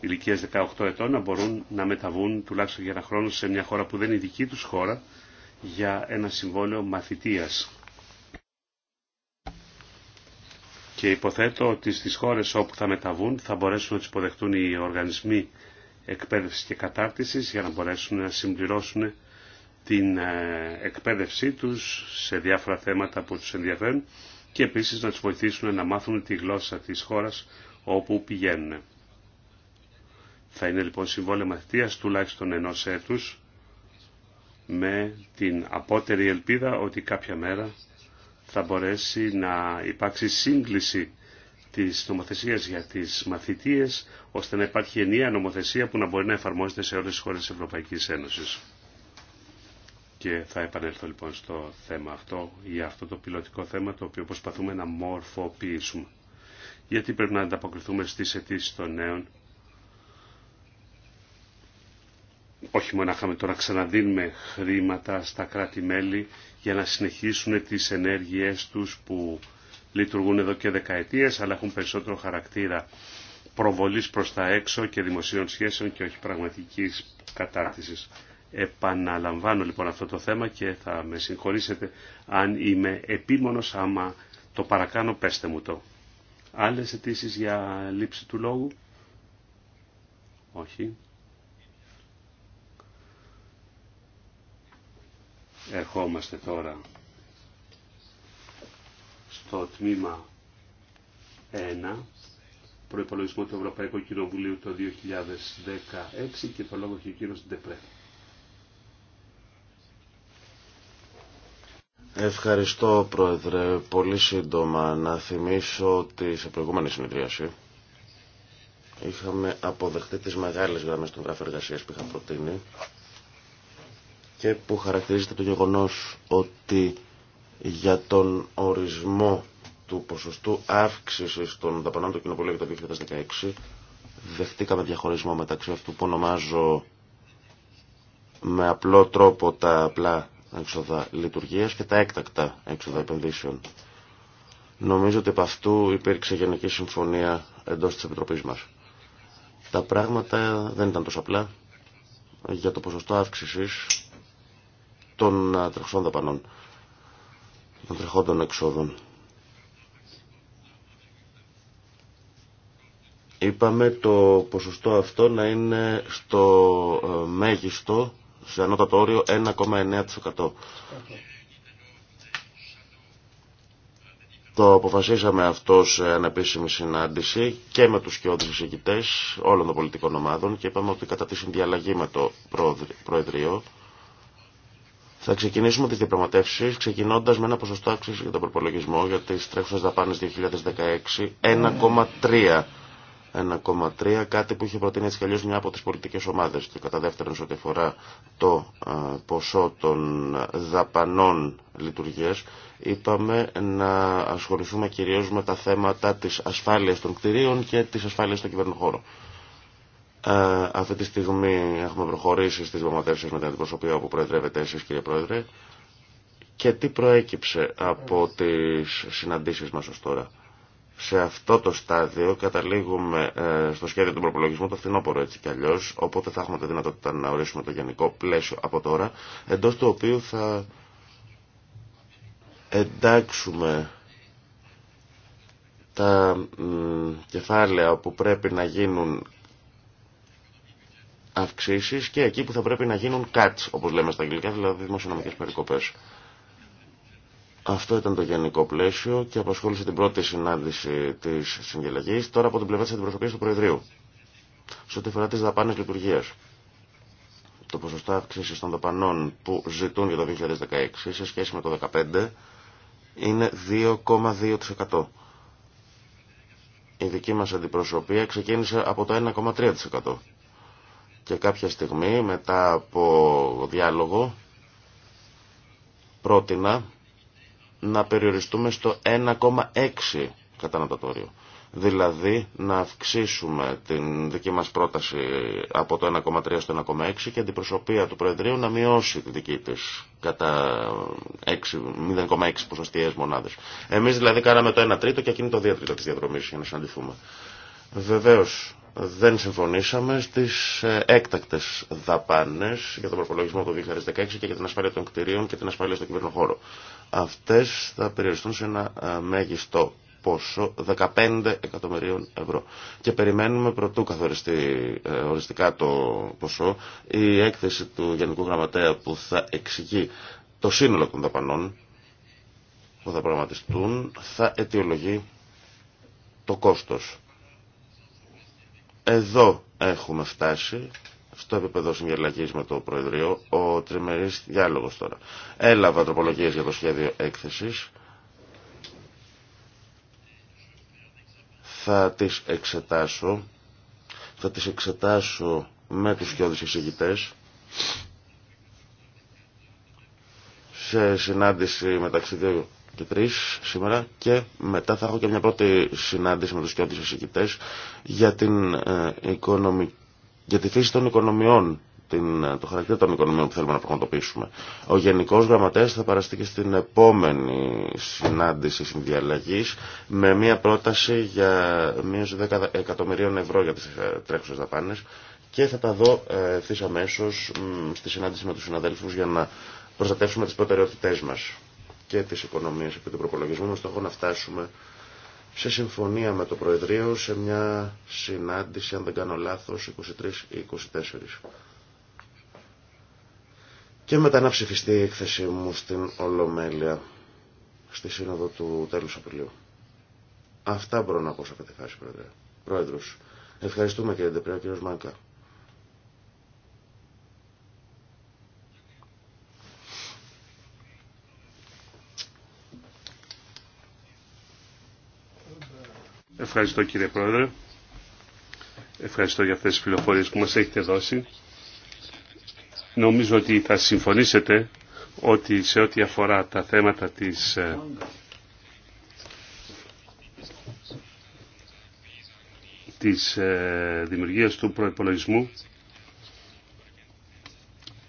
ηλικίας 18 ετών να μπορούν να μεταβούν τουλάχιστον για ένα χρόνο σε μια χώρα που δεν είναι η δική τους χώρα για ένα συμβόλαιο μαθητείας. Και υποθέτω ότι στις χώρες όπου θα μεταβούν θα μπορέσουν να τις υποδεχτούν οι οργανισμοί εκπαίδευσης και κατάρτισης για να μπορέσουν να συμπληρώσουν την ε, εκπαίδευσή τους σε διάφορα θέματα που τους ενδιαφέρουν και επίσης να τους βοηθήσουν να μάθουν τη γλώσσα της χώρας όπου πηγαίνουν. Θα είναι λοιπόν συμβόλαιο μαθητείας τουλάχιστον ενός έτους με την απότερη ελπίδα ότι κάποια μέρα θα μπορέσει να υπάρξει σύγκληση της νομοθεσίας για τις μαθητείες ώστε να υπάρχει ενιαία νομοθεσία που να μπορεί να εφαρμόζεται σε όλες τις χώρες της Ευρωπαϊκής Ένωσης. Και θα επανέλθω λοιπόν στο θέμα αυτό ή αυτό το πιλωτικό θέμα το οποίο προσπαθούμε να μορφοποιήσουμε. Γιατί πρέπει να ανταποκριθούμε στις αιτήσει των νέων. Όχι μόνο τον το να ξαναδίνουμε χρήματα στα κράτη-μέλη για να συνεχίσουν τις ενέργειές τους που λειτουργούν εδώ και δεκαετίες αλλά έχουν περισσότερο χαρακτήρα προβολής προς τα έξω και δημοσίων σχέσεων και όχι πραγματικής κατάρτισης. Επαναλαμβάνω λοιπόν αυτό το θέμα και θα με συγχωρήσετε αν είμαι επίμονος άμα το παρακάνω πέστε μου το. Άλλες αιτήσει για λήψη του λόγου. Όχι. Ερχόμαστε τώρα στο τμήμα 1 προϋπολογισμό του Ευρωπαϊκού Κοινοβουλίου το 2016 και το λόγο έχει ο κύριος Ντεπρέ. Ευχαριστώ Πρόεδρε. Πολύ σύντομα να θυμίσω ότι σε προηγούμενη συνεδρίαση είχαμε αποδεχτεί τις μεγάλες γραμμές των γράφων που είχα προτείνει και που χαρακτηρίζεται το γεγονός ότι για τον ορισμό του ποσοστού αύξησης των δαπανών του Κοινοβουλίου για το 2016 δεχτήκαμε διαχωρισμό μεταξύ αυτού που ονομάζω με απλό τρόπο τα απλά έξοδα λειτουργίας και τα έκτακτα έξοδα επενδύσεων. Νομίζω ότι από αυτού υπήρξε γενική συμφωνία εντός της Επιτροπής μας. Τα πράγματα δεν ήταν τόσο απλά για το ποσοστό αύξησης των ε, τρεχών δαπανών, των τρεχόντων εξόδων. Είπαμε το ποσοστό αυτό να είναι στο ε, μέγιστο σε ανώτατο όριο 1,9%. Το αποφασίσαμε αυτό σε ανεπίσημη συνάντηση και με τους κοιόντες εισηγητές όλων των πολιτικών ομάδων και είπαμε ότι κατά τη συνδιαλλαγή με το Προεδρείο θα ξεκινήσουμε τις διαπραγματεύσει ξεκινώντας με ένα ποσοστό αύξηση για τον προπολογισμό για τις τρέχουσες δαπάνες 2016 1,3 1,3, κάτι που είχε προτείνει έτσι αλλιώς μια από τις πολιτικές ομάδες και κατά δεύτερον σε ό,τι αφορά το ε, ποσό των δαπανών λειτουργίας είπαμε να ασχοληθούμε κυρίως με τα θέματα της ασφάλειας των κτηρίων και της ασφάλειας στον κυβερνοχώρο. Ε, αυτή τη στιγμή έχουμε προχωρήσει στις διαπραγματεύσεις με την αντιπροσωπεία που προεδρεύετε εσείς κύριε Πρόεδρε και τι προέκυψε από τις συναντήσεις μας ως τώρα σε αυτό το στάδιο καταλήγουμε ε, στο σχέδιο του προπολογισμού το φθινόπωρο έτσι κι αλλιώ, οπότε θα έχουμε τη δυνατότητα να ορίσουμε το γενικό πλαίσιο από τώρα, εντό του οποίου θα εντάξουμε τα κεφάλαια που πρέπει να γίνουν αυξήσεις και εκεί που θα πρέπει να γίνουν cuts, όπως λέμε στα αγγλικά, δηλαδή δημοσιονομικές περικοπές. Αυτό ήταν το γενικό πλαίσιο και απασχόλησε την πρώτη συνάντηση τη συγγελαγή. τώρα από την πλευρά τη αντιπροσωπεία του Προεδρείου. Σε ό,τι αφορά τι δαπάνε λειτουργία. Το ποσοστό αύξηση των δαπανών που ζητούν για το 2016 σε σχέση με το 2015 είναι 2,2%. Η δική μας αντιπροσωπεία ξεκίνησε από το 1,3% και κάποια στιγμή μετά από διάλογο πρότεινα να περιοριστούμε στο 1,6 κατανατατόριο. Δηλαδή να αυξήσουμε την δική μας πρόταση από το 1,3 στο 1,6 και αντιπροσωπεία του Προεδρείου να μειώσει τη δική της κατά 0,6 ποσοστιαίες μονάδες. Εμείς δηλαδή κάναμε το 1 τρίτο και εκείνη το 2 τρίτο της διαδρομής για να συναντηθούμε. Βεβαίως δεν συμφωνήσαμε στις ε, έκτακτες δαπάνες για τον προπολογισμό του 2016 και για την ασφάλεια των κτηρίων και την ασφάλεια στον κυβερνοχώρο αυτές θα περιοριστούν σε ένα ε, μέγιστο πόσο 15 εκατομμυρίων ευρώ. Και περιμένουμε πρωτού καθοριστεί ε, οριστικά το ποσό η έκθεση του Γενικού Γραμματέα που θα εξηγεί το σύνολο των δαπανών που θα προγραμματιστούν θα αιτιολογεί το κόστος. Εδώ έχουμε φτάσει στο επίπεδο συνδιαλλαγή με το Προεδρείο ο τριμερή διάλογο τώρα. Έλαβα τροπολογίε για το σχέδιο έκθεση. Θα τι εξετάσω. Θα τι εξετάσω με του σκιώδεις εισηγητέ. σε συνάντηση μεταξύ δύο και τρει σήμερα και μετά θα έχω και μια πρώτη συνάντηση με του κοιότητες εισηγητέ για την ε, οικονομική για τη φύση των οικονομιών, την, το χαρακτήρα των οικονομιών που θέλουμε να πραγματοποιήσουμε. Ο Γενικό Γραμματέα θα παραστεί και στην επόμενη συνάντηση συνδιαλλαγή με μια πρόταση για μείωση 10 εκατομμυρίων ευρώ για τι ε, τρέχουσε δαπάνε και θα τα δω ε, ευθύ αμέσω στη συνάντηση με του συναδέλφου για να προστατεύσουμε τι προτεραιότητέ μα και τι οικονομίε επί του προπολογισμού μα. Το να φτάσουμε σε συμφωνία με το Προεδρείο σε μια συνάντηση, αν δεν κάνω λάθος, 23 ή 24. Και μετά να ψηφιστεί η έκθεση μου στην Ολομέλεια, στη Σύνοδο του τέλους Απριλίου. Αυτά μπορώ να πω σε αυτή τη φάση, Πρόεδρε. Πρόεδρος, ευχαριστούμε κύριε Ντεπρέα, κύριος Μάγκα. Ευχαριστώ κύριε Πρόεδρε. Ευχαριστώ για αυτές τις πληροφορίες που μας έχετε δώσει. Νομίζω ότι θα συμφωνήσετε ότι σε ό,τι αφορά τα θέματα της ε, της ε, δημιουργίας του προϋπολογισμού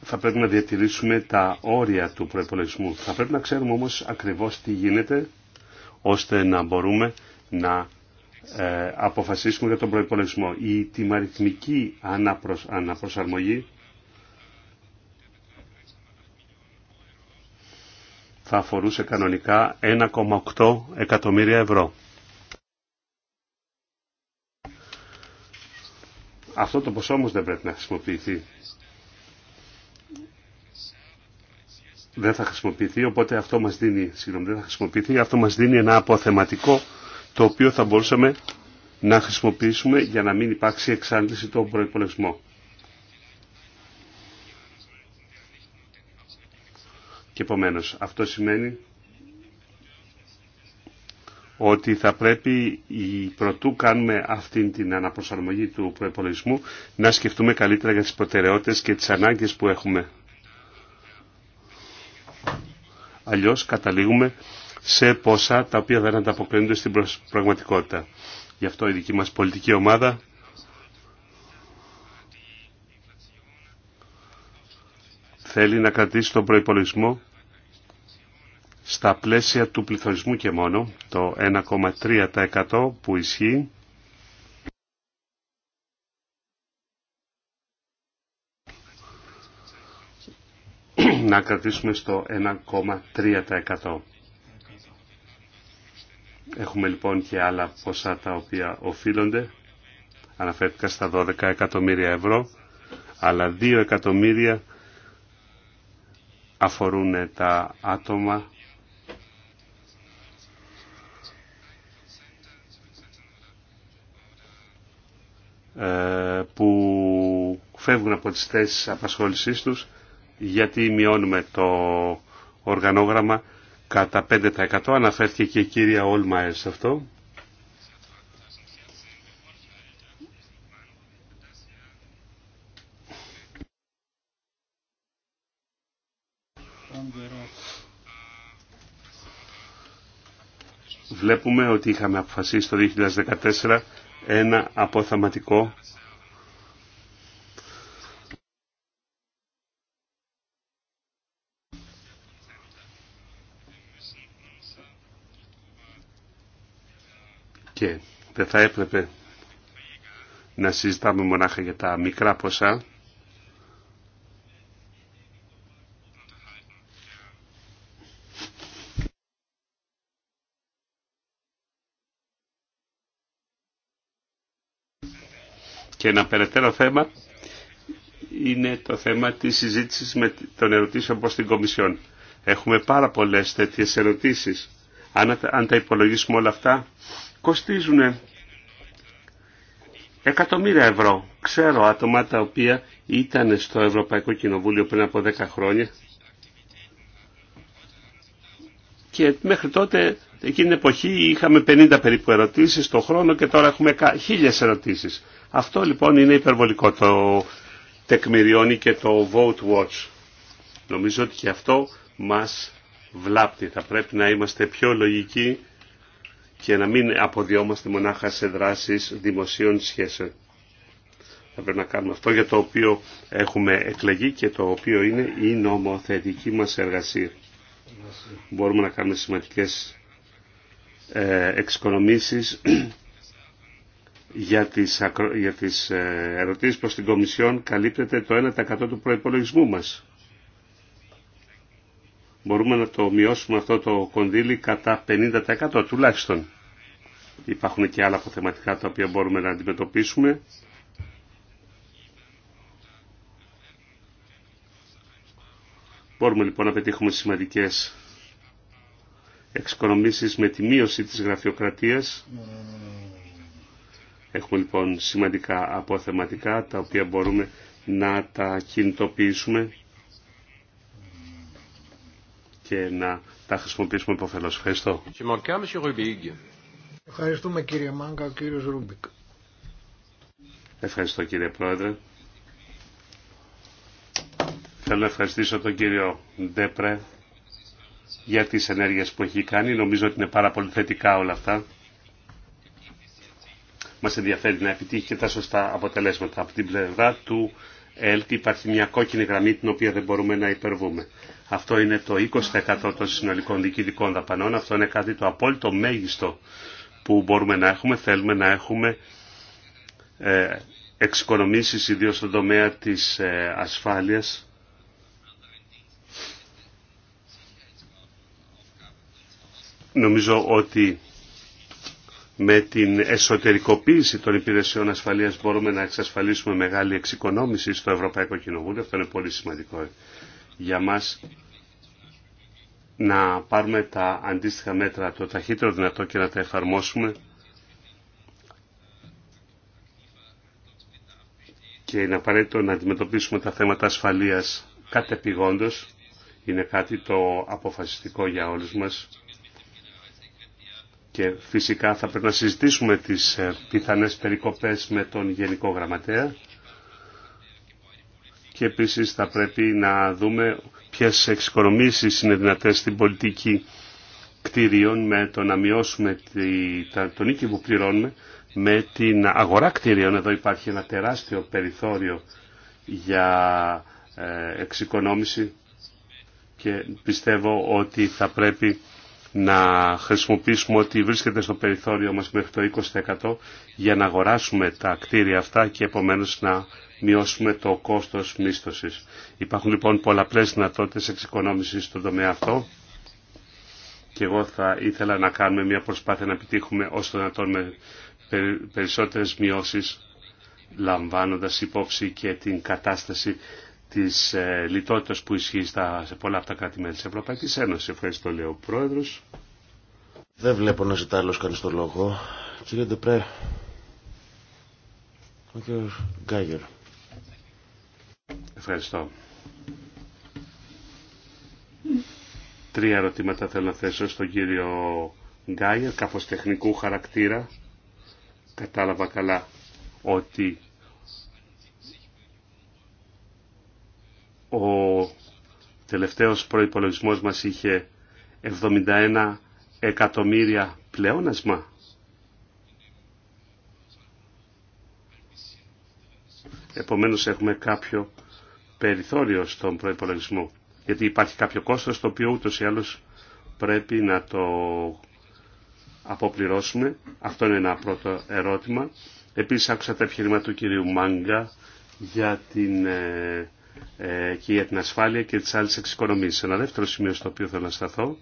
θα πρέπει να διατηρήσουμε τα όρια του προϋπολογισμού. Θα πρέπει να ξέρουμε όμως ακριβώς τι γίνεται ώστε να μπορούμε να ε, αποφασίσουμε για τον προϋπολογισμό. Η τιμαριθμική αναπροσ... αναπροσαρμογή θα αφορούσε κανονικά 1,8 εκατομμύρια ευρώ. Αυτό το ποσό όμως δεν πρέπει να χρησιμοποιηθεί. Δεν θα χρησιμοποιηθεί, οπότε αυτό μας δίνει, συγγνώμη, δεν χρησιμοποιηθεί, αυτό μας δίνει ένα αποθεματικό το οποίο θα μπορούσαμε να χρησιμοποιήσουμε για να μην υπάρξει εξάντληση των προϋπολογισμών. Και επομένω, αυτό σημαίνει ότι θα πρέπει η πρωτού κάνουμε αυτή την αναπροσαρμογή του προϋπολογισμού να σκεφτούμε καλύτερα για τις προτεραιότητες και τις ανάγκες που έχουμε. Αλλιώς καταλήγουμε σε ποσά τα οποία δεν ανταποκρίνονται στην πραγματικότητα. Γι' αυτό η δική μας πολιτική ομάδα θέλει να κρατήσει τον προϋπολογισμό στα πλαίσια του πληθωρισμού και μόνο, το 1,3% που ισχύει. να κρατήσουμε στο 1,3%. Έχουμε λοιπόν και άλλα ποσά τα οποία οφείλονται. Αναφέρθηκα στα 12 εκατομμύρια ευρώ, αλλά 2 εκατομμύρια αφορούν τα άτομα ε, που φεύγουν από τις θέσεις απασχόλησής τους γιατί μειώνουμε το οργανόγραμμα κατά 5% αναφέρθηκε και η κυρία Όλμαερ σε αυτό. Βλέπουμε ότι είχαμε αποφασίσει το 2014 ένα αποθαματικό και δεν θα έπρεπε να συζητάμε μονάχα για τα μικρά ποσά. Και ένα περαιτέρω θέμα είναι το θέμα της συζήτησης με τον ερωτήσεων προς την Κομισιόν. Έχουμε πάρα πολλές τέτοιες ερωτήσεις. Αν, αν τα υπολογίσουμε όλα αυτά, κοστίζουν εκατομμύρια ευρώ. Ξέρω άτομα τα οποία ήταν στο Ευρωπαϊκό Κοινοβούλιο πριν από 10 χρόνια και μέχρι τότε εκείνη την εποχή είχαμε 50 περίπου ερωτήσεις το χρόνο και τώρα έχουμε χίλιες ερωτήσεις. Αυτό λοιπόν είναι υπερβολικό το τεκμηριώνει και το Vote Watch. Νομίζω ότι και αυτό μας βλάπτει. Θα πρέπει να είμαστε πιο λογικοί και να μην αποδιόμαστε μονάχα σε δράσεις δημοσίων σχέσεων. Θα πρέπει να κάνουμε αυτό για το οποίο έχουμε εκλεγεί και το οποίο είναι η νομοθετική μας εργασία. Μπορούμε να κάνουμε σημαντικές ε, εξοικονομήσεις για τις, για τις ε, ερωτήσεις προς την Κομισιόν καλύπτεται το 1% του προϋπολογισμού μας. Μπορούμε να το μειώσουμε αυτό το κονδύλι κατά 50% τουλάχιστον. Υπάρχουν και άλλα αποθεματικά τα οποία μπορούμε να αντιμετωπίσουμε. Μπορούμε λοιπόν να πετύχουμε σημαντικές εξοικονομήσεις με τη μείωση της γραφειοκρατίας. Έχουμε λοιπόν σημαντικά αποθεματικά τα οποία μπορούμε να τα κινητοποιήσουμε και να τα χρησιμοποιήσουμε υποφελώς. Ευχαριστώ. Ευχαριστούμε κύριε Μάγκα, κύριος Ρούμπικ. Ευχαριστώ κύριε Πρόεδρε. Θέλω να ευχαριστήσω τον κύριο Ντέπρε για τις ενέργειες που έχει κάνει. Νομίζω ότι είναι πάρα πολύ θετικά όλα αυτά. Μας ενδιαφέρει να επιτύχει και τα σωστά αποτελέσματα. Από την πλευρά του ΕΛΚ υπάρχει μια κόκκινη γραμμή την οποία δεν μπορούμε να υπερβούμε. Αυτό είναι το 20% των συνολικών διοικητικών δαπανών. Αυτό είναι κάτι το απόλυτο μέγιστο που μπορούμε να έχουμε. Θέλουμε να έχουμε ε, εξοικονομήσεις ιδίως στον τομέα της ε, ασφάλειας. Νομίζω ότι με την εσωτερικοποίηση των υπηρεσιών ασφαλείας μπορούμε να εξασφαλίσουμε μεγάλη εξοικονόμηση στο Ευρωπαϊκό Κοινοβούλιο. Αυτό είναι πολύ σημαντικό για μας να πάρουμε τα αντίστοιχα μέτρα το ταχύτερο δυνατό και να τα εφαρμόσουμε και είναι απαραίτητο να αντιμετωπίσουμε τα θέματα ασφαλείας κατεπηγόντως είναι κάτι το αποφασιστικό για όλους μας και φυσικά θα πρέπει να συζητήσουμε τις ε, πιθανές περικοπές με τον Γενικό Γραμματέα και επίσης θα πρέπει να δούμε ποιες εξοικονομήσεις είναι δυνατές στην πολιτική κτίριων με το να μειώσουμε τον νίκη που πληρώνουμε με την αγορά κτίριων. Εδώ υπάρχει ένα τεράστιο περιθώριο για ε, εξοικονόμηση και πιστεύω ότι θα πρέπει να χρησιμοποιήσουμε ότι βρίσκεται στο περιθώριο μας μέχρι το 20% για να αγοράσουμε τα κτίρια αυτά και επομένως να μειώσουμε το κόστος μίσθωσης. Υπάρχουν λοιπόν πολλαπλές δυνατότητες εξοικονόμησης στον τομέα αυτό και εγώ θα ήθελα να κάνουμε μια προσπάθεια να επιτύχουμε όσο το δυνατόν με περισσότερες μειώσεις λαμβάνοντας υπόψη και την κατάσταση της ε, λιτότητας που ισχύει στα, σε πολλά από τα κράτη-μέλη της Ευρωπαϊκής Ένωσης. Ευχαριστώ, λέει ο Πρόεδρος. Δεν βλέπω να ζητά άλλος κανείς το λόγο. Κύριε Ντεπρέ, ο Γκάγερ. Ευχαριστώ. Τρία ερωτήματα θέλω να θέσω στον κύριο Γκάιερ, καθώς τεχνικού χαρακτήρα. Κατάλαβα καλά ότι ο τελευταίος προϋπολογισμός μας είχε 71 εκατομμύρια πλεόνασμα. Επομένως έχουμε κάποιο περιθώριο στον προϋπολογισμό. Γιατί υπάρχει κάποιο κόστος το οποίο ούτως ή άλλως πρέπει να το αποπληρώσουμε. Αυτό είναι ένα πρώτο ερώτημα. Επίσης άκουσα τα επιχειρήματα του κυρίου Μάγκα για την, ε, ε, και για την ασφάλεια και τις άλλες εξοικονομίες. Ένα δεύτερο σημείο στο οποίο θέλω να σταθώ.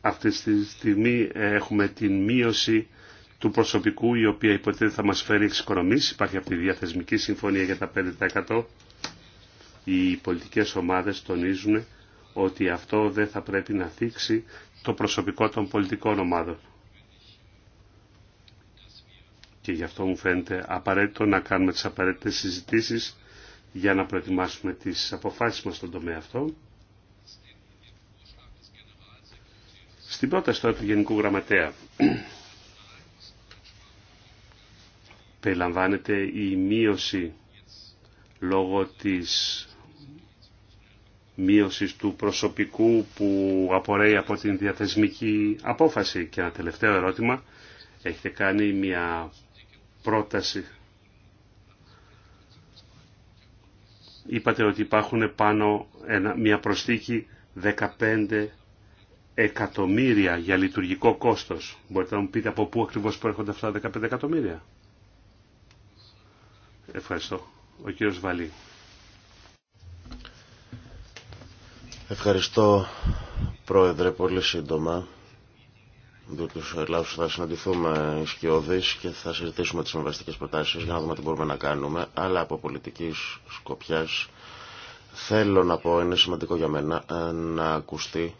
Αυτή τη στιγμή έχουμε την μείωση του προσωπικού η οποία υποτίθεται θα μας φέρει εξοικονομήσεις. Υπάρχει αυτή η διαθεσμική συμφωνία για τα 5%. Οι πολιτικές ομάδες τονίζουν ότι αυτό δεν θα πρέπει να θίξει το προσωπικό των πολιτικών ομάδων. Και γι' αυτό μου φαίνεται απαραίτητο να κάνουμε τις απαραίτητες συζητήσεις για να προετοιμάσουμε τις αποφάσεις μας στον τομέα αυτό. Στην πρόταση τώρα του Γενικού Γραμματέα περιλαμβάνεται η μείωση λόγω της μείωσης του προσωπικού που απορρέει από την διαθεσμική απόφαση. Και ένα τελευταίο ερώτημα. Έχετε κάνει μια πρόταση. Είπατε ότι υπάρχουν πάνω μια προσθήκη 15 εκατομμύρια για λειτουργικό κόστος. Μπορείτε να μου πείτε από πού ακριβώς προέρχονται αυτά τα 15 εκατομμύρια. Ευχαριστώ. Ο κύριος Βαλή. Ευχαριστώ, Πρόεδρε, πολύ σύντομα. Διότι στους Ελλάδους θα συναντηθούμε ισχυώδης και θα συζητήσουμε τις συμβαστικές προτάσεις για να δούμε τι μπορούμε να κάνουμε. Αλλά από πολιτικής σκοπιάς θέλω να πω, είναι σημαντικό για μένα, ε, να ακουστεί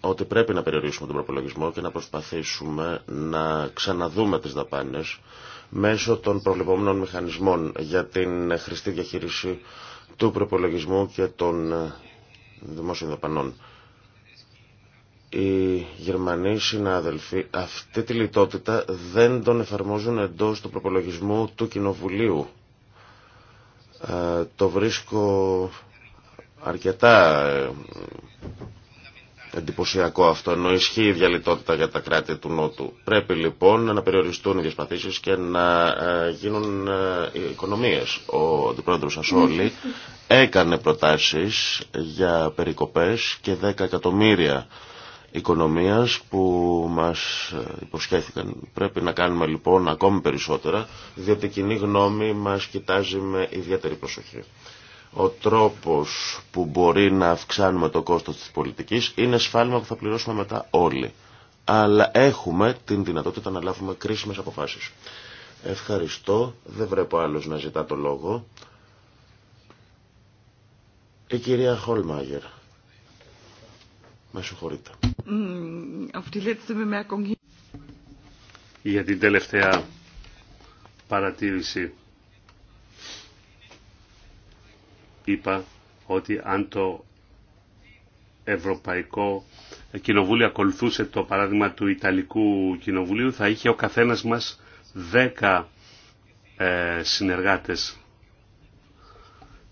ότι πρέπει να περιορίσουμε τον προπολογισμό και να προσπαθήσουμε να ξαναδούμε τις δαπάνες μέσω των προβλεπόμενων μηχανισμών για την χρηστή διαχείριση του προπολογισμού και των ε, δημόσιων δαπανών. Οι Γερμανοί συνάδελφοι αυτή τη λιτότητα δεν τον εφαρμόζουν εντός του προπολογισμού του Κοινοβουλίου. Ε, το βρίσκω αρκετά ε, εντυπωσιακό αυτό, ενώ ισχύει η διαλυτότητα για τα κράτη του Νότου. Πρέπει λοιπόν να περιοριστούν οι διασπαθήσεις και να ε, γίνουν ε, οικονομίες. Ο αντιπρόεδρος Ασόλη έκανε προτάσεις για περικοπές και 10 εκατομμύρια οικονομίας που μας ε, υποσχέθηκαν. Πρέπει να κάνουμε λοιπόν ακόμη περισσότερα, διότι η κοινή γνώμη μας κοιτάζει με ιδιαίτερη προσοχή. Ο τρόπος που μπορεί να αυξάνουμε το κόστος της πολιτικής είναι σφάλμα που θα πληρώσουμε μετά όλοι. Αλλά έχουμε την δυνατότητα να λάβουμε κρίσιμες αποφάσεις. Ευχαριστώ. Δεν βρέπω άλλος να ζητά το λόγο. Η κυρία Χολμάγερ. Με συγχωρείτε. Για την τελευταία παρατήρηση είπα ότι αν το Ευρωπαϊκό Κοινοβούλιο ακολουθούσε το παράδειγμα του Ιταλικού Κοινοβουλίου θα είχε ο καθένας μας 10 ε, συνεργάτες.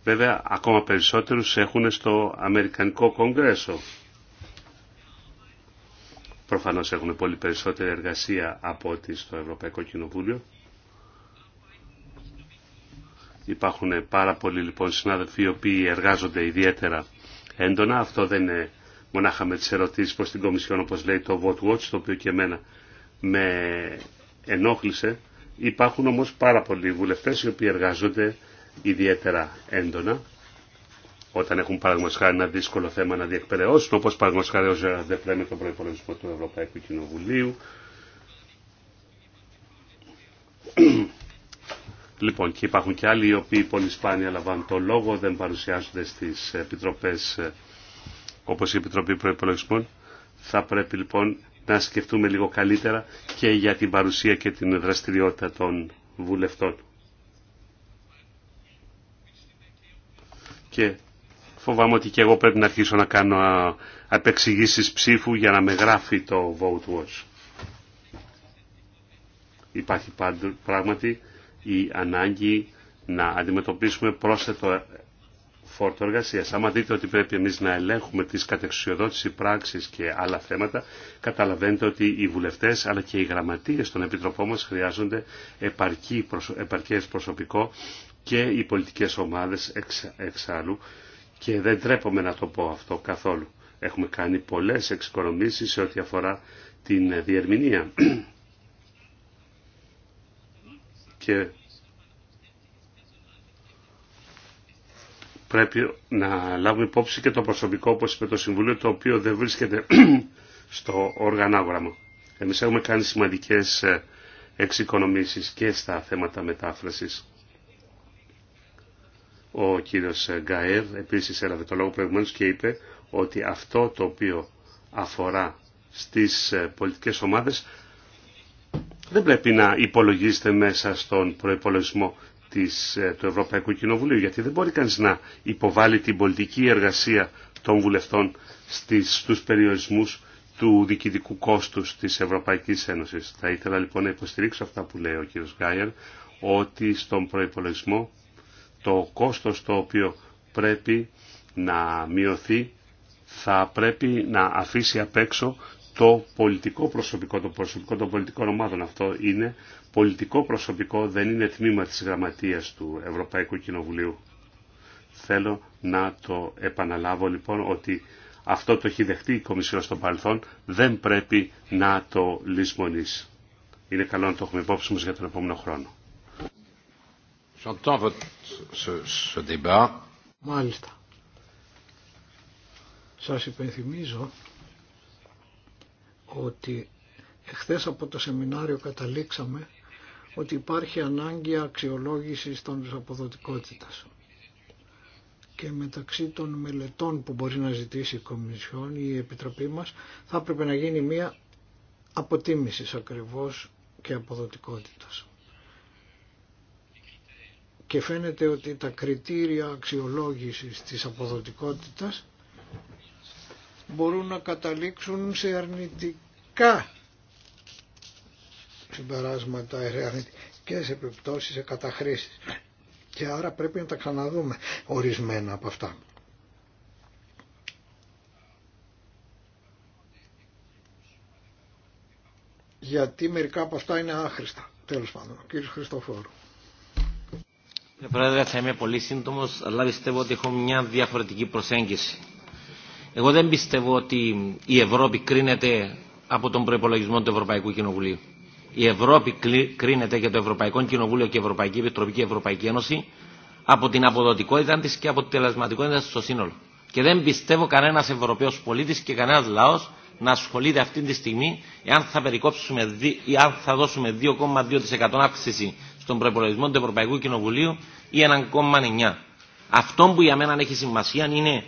Βέβαια ακόμα περισσότερους έχουν στο Αμερικανικό Κογκρέσο. Προφανώς έχουν πολύ περισσότερη εργασία από ό,τι στο Ευρωπαϊκό Κοινοβούλιο. Υπάρχουν πάρα πολλοί λοιπόν συνάδελφοι οι οποίοι εργάζονται ιδιαίτερα έντονα. Αυτό δεν είναι μονάχα με τις ερωτήσεις προς την Κομισιόν όπως λέει το Vote Watch, το οποίο και εμένα με ενόχλησε. Υπάρχουν όμως πάρα πολλοί βουλευτές οι οποίοι εργάζονται ιδιαίτερα έντονα όταν έχουν παραδείγματο ένα δύσκολο θέμα να διεκπαιρεώσουν, όπω παραδείγματο χάρη Ζεραντεπλέ με τον προπολογισμό του Ευρωπαϊκού Κοινοβουλίου. Λοιπόν, και υπάρχουν και άλλοι οι οποίοι πολύ σπάνια λαμβάνουν το λόγο, δεν παρουσιάζονται στις επιτροπές όπως η Επιτροπή Προϋπολογισμών. Θα πρέπει λοιπόν να σκεφτούμε λίγο καλύτερα και για την παρουσία και την δραστηριότητα των βουλευτών. Και φοβάμαι ότι και εγώ πρέπει να αρχίσω να κάνω απεξηγήσεις ψήφου για να με γράφει το Vote Watch. Υπάρχει πράγματι η ανάγκη να αντιμετωπίσουμε πρόσθετο φόρτο εργασία. Άμα δείτε ότι πρέπει εμεί να ελέγχουμε τι κατεξουσιοδότηση πράξη και άλλα θέματα, καταλαβαίνετε ότι οι βουλευτέ αλλά και οι γραμματείε των επιτροπών μα χρειάζονται επαρκέ προσωπικό και οι πολιτικέ ομάδε εξ, εξάλλου. Και δεν τρέπομαι να το πω αυτό καθόλου. Έχουμε κάνει πολλέ εξοικονομήσει σε ό,τι αφορά την διερμηνία. και πρέπει να λάβουμε υπόψη και το προσωπικό, όπως είπε το Συμβουλίο, το οποίο δεν βρίσκεται στο οργανάγραμμα. Εμείς έχουμε κάνει σημαντικές ε, εξοικονομήσεις και στα θέματα μετάφρασης. Ο κύριος ε, Γκαέρ επίσης έλαβε το λόγο προηγουμένως και είπε ότι αυτό το οποίο αφορά στις ε, πολιτικές ομάδες δεν πρέπει να υπολογίζεται μέσα στον προϋπολογισμό της, ε, του Ευρωπαϊκού Κοινοβουλίου, γιατί δεν μπορεί κανείς να υποβάλει την πολιτική εργασία των βουλευτών στις, στους περιορισμούς του διοικητικού κόστους της Ευρωπαϊκής Ένωσης. Θα ήθελα λοιπόν να υποστηρίξω αυτά που λέει ο κ. Γκάιερ, ότι στον προϋπολογισμό το κόστος το οποίο πρέπει να μειωθεί θα πρέπει να αφήσει απ' έξω το πολιτικό προσωπικό, το προσωπικό των πολιτικών ομάδων. Αυτό είναι πολιτικό προσωπικό δεν είναι τμήμα της γραμματείας του Ευρωπαϊκού Κοινοβουλίου. Θέλω να το επαναλάβω λοιπόν ότι αυτό το έχει δεχτεί η Κομισιόν στο παρελθόν, δεν πρέπει να το λησμονήσει. Είναι καλό να το έχουμε υπόψη μας για τον επόμενο χρόνο. Μάλιστα. Σας υπενθυμίζω ότι εχθές από το σεμινάριο καταλήξαμε ότι υπάρχει ανάγκη αξιολόγησης των αποδοτικότητας. Και μεταξύ των μελετών που μπορεί να ζητήσει η Κομισιόν ή η Επιτροπή μας θα έπρεπε να γίνει μία αποτίμηση ακριβώς και αποδοτικότητας. Και φαίνεται ότι τα κριτήρια αξιολόγησης της αποδοτικότητας μπορούν να καταλήξουν σε αρνητικά συμπεράσματα και σε επιπτώσεις σε καταχρήσεις. Και άρα πρέπει να τα ξαναδούμε ορισμένα από αυτά. γιατί μερικά από αυτά είναι άχρηστα. Τέλος πάντων, κύριος Χριστοφόρου. Κύριε Πρόεδρε, θα είμαι πολύ σύντομο, αλλά πιστεύω ότι έχω μια διαφορετική προσέγγιση. Εγώ δεν πιστεύω ότι η Ευρώπη κρίνεται από τον προπολογισμό του Ευρωπαϊκού Κοινοβουλίου η Ευρώπη κρίνεται και το Ευρωπαϊκό Κοινοβούλιο και η Ευρωπαϊκή Επιτροπή και η Ευρωπαϊκή Ένωση από την αποδοτικότητα τη και από την τελεσματικότητα τη στο σύνολο. Και δεν πιστεύω κανένα Ευρωπαϊο πολίτη και κανένα λαό να ασχολείται αυτή τη στιγμή εάν θα περικόψουμε ή αν θα δώσουμε 2,2% αύξηση στον προπολογισμό του Ευρωπαϊκού Κοινοβουλίου ή 1,9%. Αυτό που για μένα έχει σημασία είναι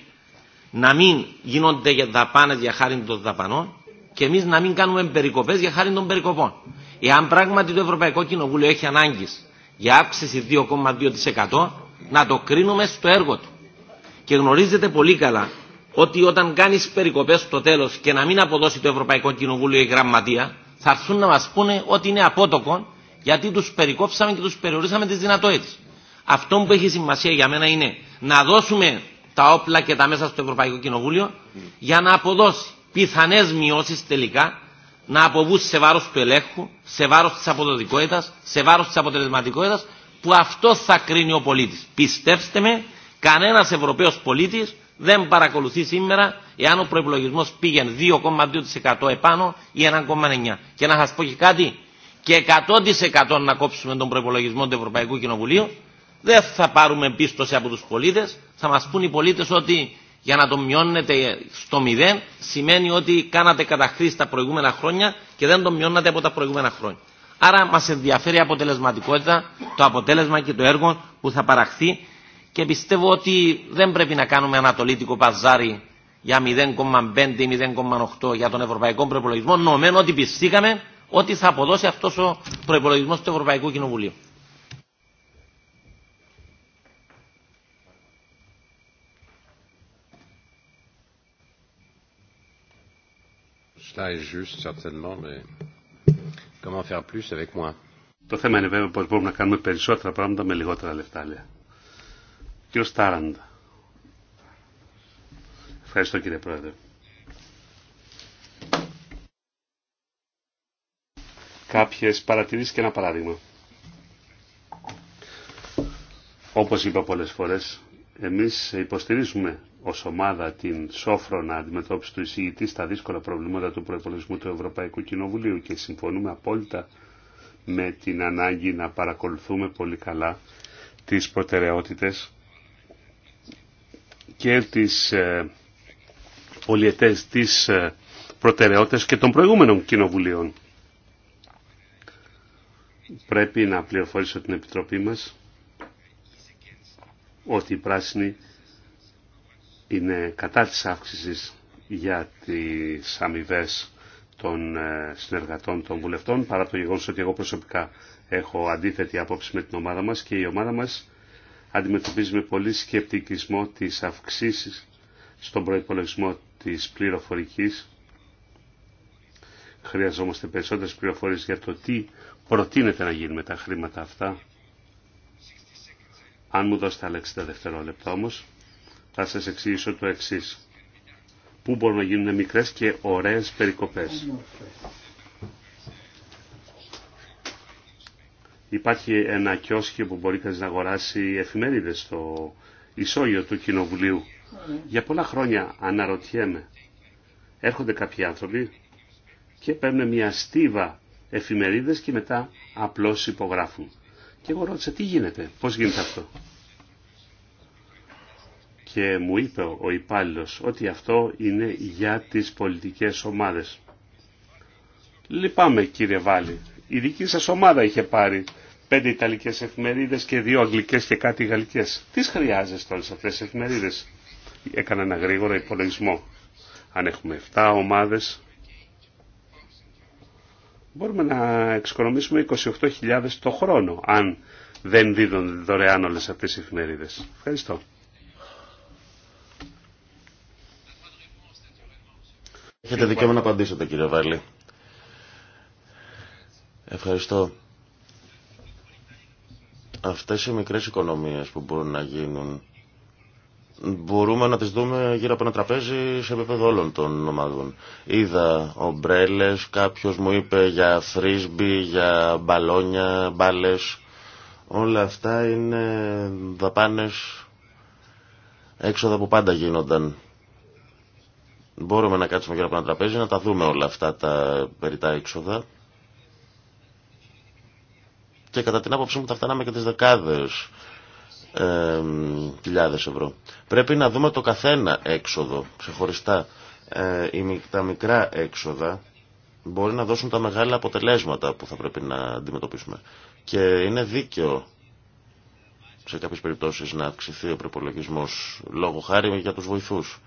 να μην γίνονται δαπάνε για χάρη των δαπανών και εμεί να μην κάνουμε περικοπέ για χάρη των περικοπών. Εάν πράγματι το Ευρωπαϊκό Κοινοβούλιο έχει ανάγκη για αύξηση 2,2% να το κρίνουμε στο έργο του. Και γνωρίζετε πολύ καλά ότι όταν κάνεις περικοπές στο τέλος και να μην αποδώσει το Ευρωπαϊκό Κοινοβούλιο η γραμματεία θα έρθουν να μας πούνε ότι είναι απότοκο γιατί τους περικόψαμε και τους περιορίσαμε τις δυνατότητες. Αυτό που έχει σημασία για μένα είναι να δώσουμε τα όπλα και τα μέσα στο Ευρωπαϊκό Κοινοβούλιο για να αποδώσει πιθανές μειώσεις τελικά να αποβούν σε βάρος του ελέγχου, σε βάρος της αποδοτικότητας, σε βάρος της αποτελεσματικότητας που αυτό θα κρίνει ο πολίτης. Πιστέψτε με, κανένας Ευρωπαίος πολίτης δεν παρακολουθεί σήμερα εάν ο προπολογισμό πήγαινε 2,2% επάνω ή 1,9%. Και να σα πω και κάτι, και 100% να κόψουμε τον προπολογισμό του Ευρωπαϊκού Κοινοβουλίου, δεν θα πάρουμε πίστοση από του πολίτε. Θα μα πούν οι πολίτε ότι για να το μειώνετε στο μηδέν σημαίνει ότι κάνατε καταχρήσει τα προηγούμενα χρόνια και δεν το μειώνατε από τα προηγούμενα χρόνια. Άρα μας ενδιαφέρει η αποτελεσματικότητα, το αποτέλεσμα και το έργο που θα παραχθεί και πιστεύω ότι δεν πρέπει να κάνουμε ανατολίτικο παζάρι για 0,5 ή 0,8 για τον ευρωπαϊκό προπολογισμό, νομένου ότι πιστήκαμε ότι θα αποδώσει αυτός ο προπολογισμό του Ευρωπαϊκού Κοινοβουλίου. Cela est juste certainement, mais comment Το θέμα είναι βέβαια πως μπορούμε να κάνουμε περισσότερα πράγματα με λιγότερα λεφτά. Κύριο Στάραντα. Ευχαριστώ κύριε Πρόεδρε. Κάποιες παρατηρήσεις και ένα παράδειγμα. Όπως είπα πολλές φορές, εμείς υποστηρίζουμε ως ομάδα την σόφρονα αντιμετώπιση του εισηγητή στα δύσκολα προβλήματα του προπολογισμού του Ευρωπαϊκού Κοινοβουλίου και συμφωνούμε απόλυτα με την ανάγκη να παρακολουθούμε πολύ καλά τις προτεραιότητες και τις ε, πολιετές τις ε, και των προηγούμενων κοινοβουλίων. Πρέπει να πληροφορήσω την Επιτροπή μας ότι οι πράσινοι είναι κατά της αύξησης για τις αμοιβέ των ε, συνεργατών των βουλευτών, παρά το γεγονός ότι εγώ προσωπικά έχω αντίθετη άποψη με την ομάδα μας και η ομάδα μας αντιμετωπίζει με πολύ σκεπτικισμό τις αυξήσεις στον προϋπολογισμό της πληροφορικής. Χρειαζόμαστε περισσότερες πληροφορίες για το τι προτείνεται να γίνει με τα χρήματα αυτά. Αν μου δώσετε άλλα 60 δευτερόλεπτα όμως, θα σας εξηγήσω το εξή. Πού μπορούμε να γίνουν μικρέ και ωραίε περικοπέ. Υπάρχει ένα κοιώσιο που μπορεί κανείς να αγοράσει εφημερίδες στο ισόγειο του Κοινοβουλίου. Για πολλά χρόνια αναρωτιέμαι. Έρχονται κάποιοι άνθρωποι και παίρνουν μια στίβα εφημερίδες και μετά απλώς υπογράφουν. Και εγώ ρώτησα τι γίνεται, πώς γίνεται αυτό και μου είπε ο υπάλληλο ότι αυτό είναι για τις πολιτικές ομάδες. Λυπάμαι κύριε Βάλλη. η δική σας ομάδα είχε πάρει πέντε Ιταλικές εφημερίδες και δύο Αγγλικές και κάτι Γαλλικές. Τι χρειάζεστε όλες αυτές τις εφημερίδες. Έκανα ένα γρήγορο υπολογισμό. Αν έχουμε 7 ομάδες, μπορούμε να εξοικονομήσουμε 28.000 το χρόνο, αν δεν δίδονται δωρεάν όλες αυτές οι εφημερίδες. Ευχαριστώ. Έχετε δικαίωμα να απαντήσετε κύριε Βάλλη. Ευχαριστώ. Αυτές οι μικρές οικονομίες που μπορούν να γίνουν μπορούμε να τις δούμε γύρω από ένα τραπέζι σε επίπεδο όλων των ομάδων. Είδα ομπρέλες, κάποιος μου είπε για φρίσμπι, για μπαλόνια, μπάλες. Όλα αυτά είναι δαπάνες έξοδα που πάντα γίνονταν. Μπορούμε να κάτσουμε γύρω από ένα τραπέζι, να τα δούμε όλα αυτά τα τα έξοδα. Και κατά την άποψή μου θα φτάναμε και τις δεκάδες ε, ευρώ. Πρέπει να δούμε το καθένα έξοδο ξεχωριστά. Ε, τα μικρά έξοδα μπορεί να δώσουν τα μεγάλα αποτελέσματα που θα πρέπει να αντιμετωπίσουμε. Και είναι δίκαιο σε κάποιες περιπτώσεις να αυξηθεί ο προπολογισμό λόγω χάρη για τους βοηθούς.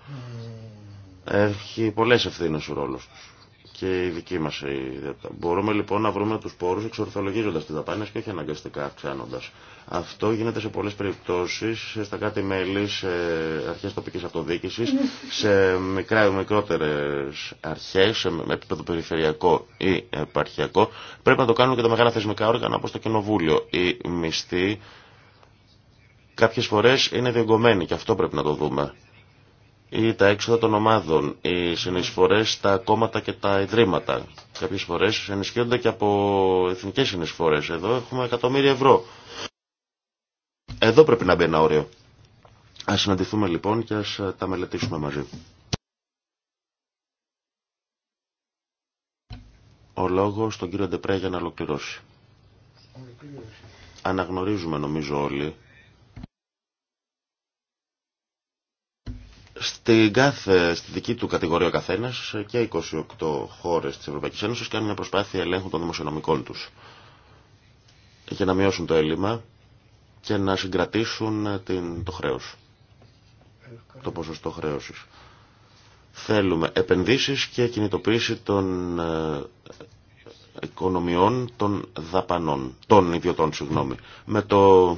Έχει πολλέ ευθύνε ο ρόλο του. και η δική μας ιδιότητα. Μπορούμε λοιπόν να βρούμε του πόρου, εξορθολογίζοντας τι δαπάνε και όχι αναγκαστικά αυξάνοντα. Αυτό γίνεται σε πολλέ περιπτώσει στα κάτι μέλη, σε αρχέ τοπική αυτοδιοίκηση, σε μικρά ή μικρότερες αρχές, σε επίπεδο περιφερειακό ή επαρχιακό. Πρέπει να το κάνουν και τα μεγάλα θεσμικά όργανα όπως το κοινοβούλιο. Η μισθή κάποιε φορέ είναι διεγκωμένη και αυτό πρέπει να το δούμε ή τα έξοδα των ομάδων, οι συνεισφορές στα κόμματα και τα ιδρύματα. Κάποιες φορές ενισχύονται και από εθνικές συνεισφορές. Εδώ έχουμε εκατομμύρια ευρώ. Εδώ πρέπει να μπει ένα όριο. Ας συναντηθούμε λοιπόν και ας ε, τα μελετήσουμε μαζί. Ο λόγος στον κύριο Ντεπρέ για να ολοκληρώσει. Αναγνωρίζουμε νομίζω όλοι Στην στη δική του κατηγορία ο καθένας και 28 χώρες της Ευρωπαϊκής Ένωσης κάνουν μια προσπάθεια ελέγχου των δημοσιονομικών τους για να μειώσουν το έλλειμμα και να συγκρατήσουν την, το χρέος, το ποσοστό χρέωσης. Θέλουμε επενδύσεις και κινητοποίηση των ε, οικονομιών των δαπανών, των ιδιωτών, συγγνώμη, με το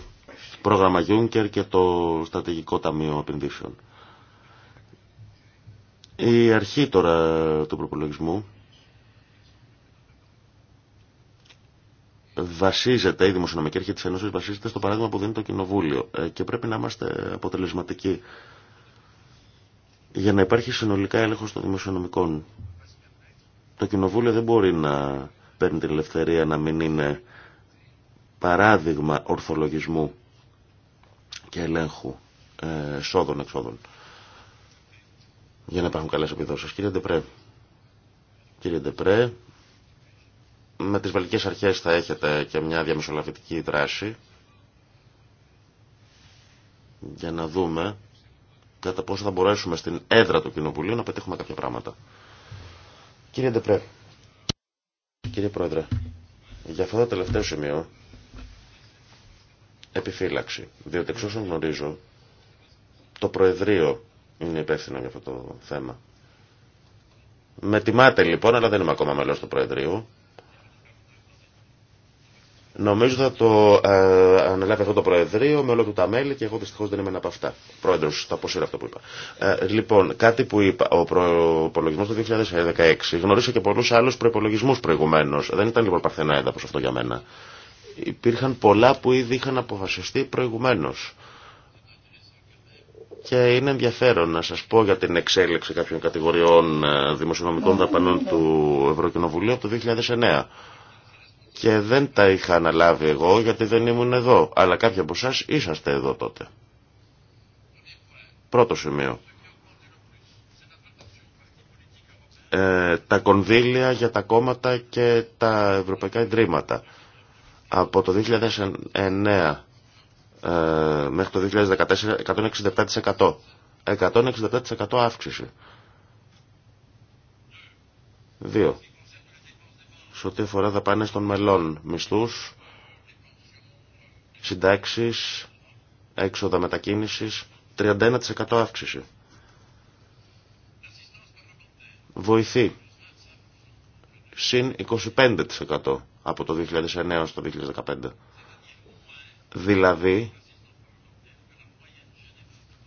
πρόγραμμα Juncker και το Στρατηγικό Ταμείο Επενδύσεων. Η αρχή τώρα του προπολογισμού βασίζεται, η δημοσιονομική αρχή της Ένωσης βασίζεται στο παράδειγμα που δίνει το Κοινοβούλιο ε, και πρέπει να είμαστε αποτελεσματικοί για να υπάρχει συνολικά έλεγχος των δημοσιονομικών. Το Κοινοβούλιο δεν μπορεί να παίρνει την ελευθερία να μην είναι παράδειγμα ορθολογισμού και ελέγχου ε, εσόδων-εξόδων για να υπάρχουν καλές επιδόσεις. Κύριε Ντεπρέ, κύριε Ντεπρέ, με τις βαλικές αρχές θα έχετε και μια διαμεσολαβητική δράση για να δούμε κατά πόσο θα μπορέσουμε στην έδρα του Κοινοβουλίου να πετύχουμε κάποια πράγματα. Κύριε Ντεπρέ, κύριε Πρόεδρε, για αυτό το τελευταίο σημείο επιφύλαξη, διότι εξ όσων γνωρίζω το Προεδρείο είναι υπεύθυνο για αυτό το θέμα. Με τιμάτε λοιπόν, αλλά δεν είμαι ακόμα μέλος του Προεδρείου. Νομίζω θα το ε, αναλάβει αυτό το Προεδρείο με όλο του τα μέλη και εγώ δυστυχώ δεν είμαι ένα από αυτά. Πρόεδρο, θα αποσύρω αυτό που είπα. Ε, λοιπόν, κάτι που είπα, ο προπολογισμό του 2016 γνωρίσε και πολλού άλλου προπολογισμού προηγουμένω. Δεν ήταν λοιπόν παρθενά έδαφο αυτό για μένα. Υπήρχαν πολλά που ήδη είχαν αποφασιστεί προηγουμένω. Και είναι ενδιαφέρον να σας πω για την εξέλιξη κάποιων κατηγοριών ε, δημοσιονομικών δαπανών του Ευρωκοινοβουλίου από το 2009. Και δεν τα είχα αναλάβει εγώ γιατί δεν ήμουν εδώ. Αλλά κάποιοι από εσά είσαστε εδώ τότε. Πρώτο σημείο. Ε, τα κονδύλια για τα κόμματα και τα ευρωπαϊκά ιδρύματα. Από το 2009 ε, μέχρι το 2014 167%. 167% αύξηση. δύο Σε ό,τι αφορά δαπάνες των μελών, μισθούς, συντάξεις, έξοδα μετακίνησης, 31% αύξηση. Βοηθή, συν 25% από το 2009 στο 2015 δηλαδή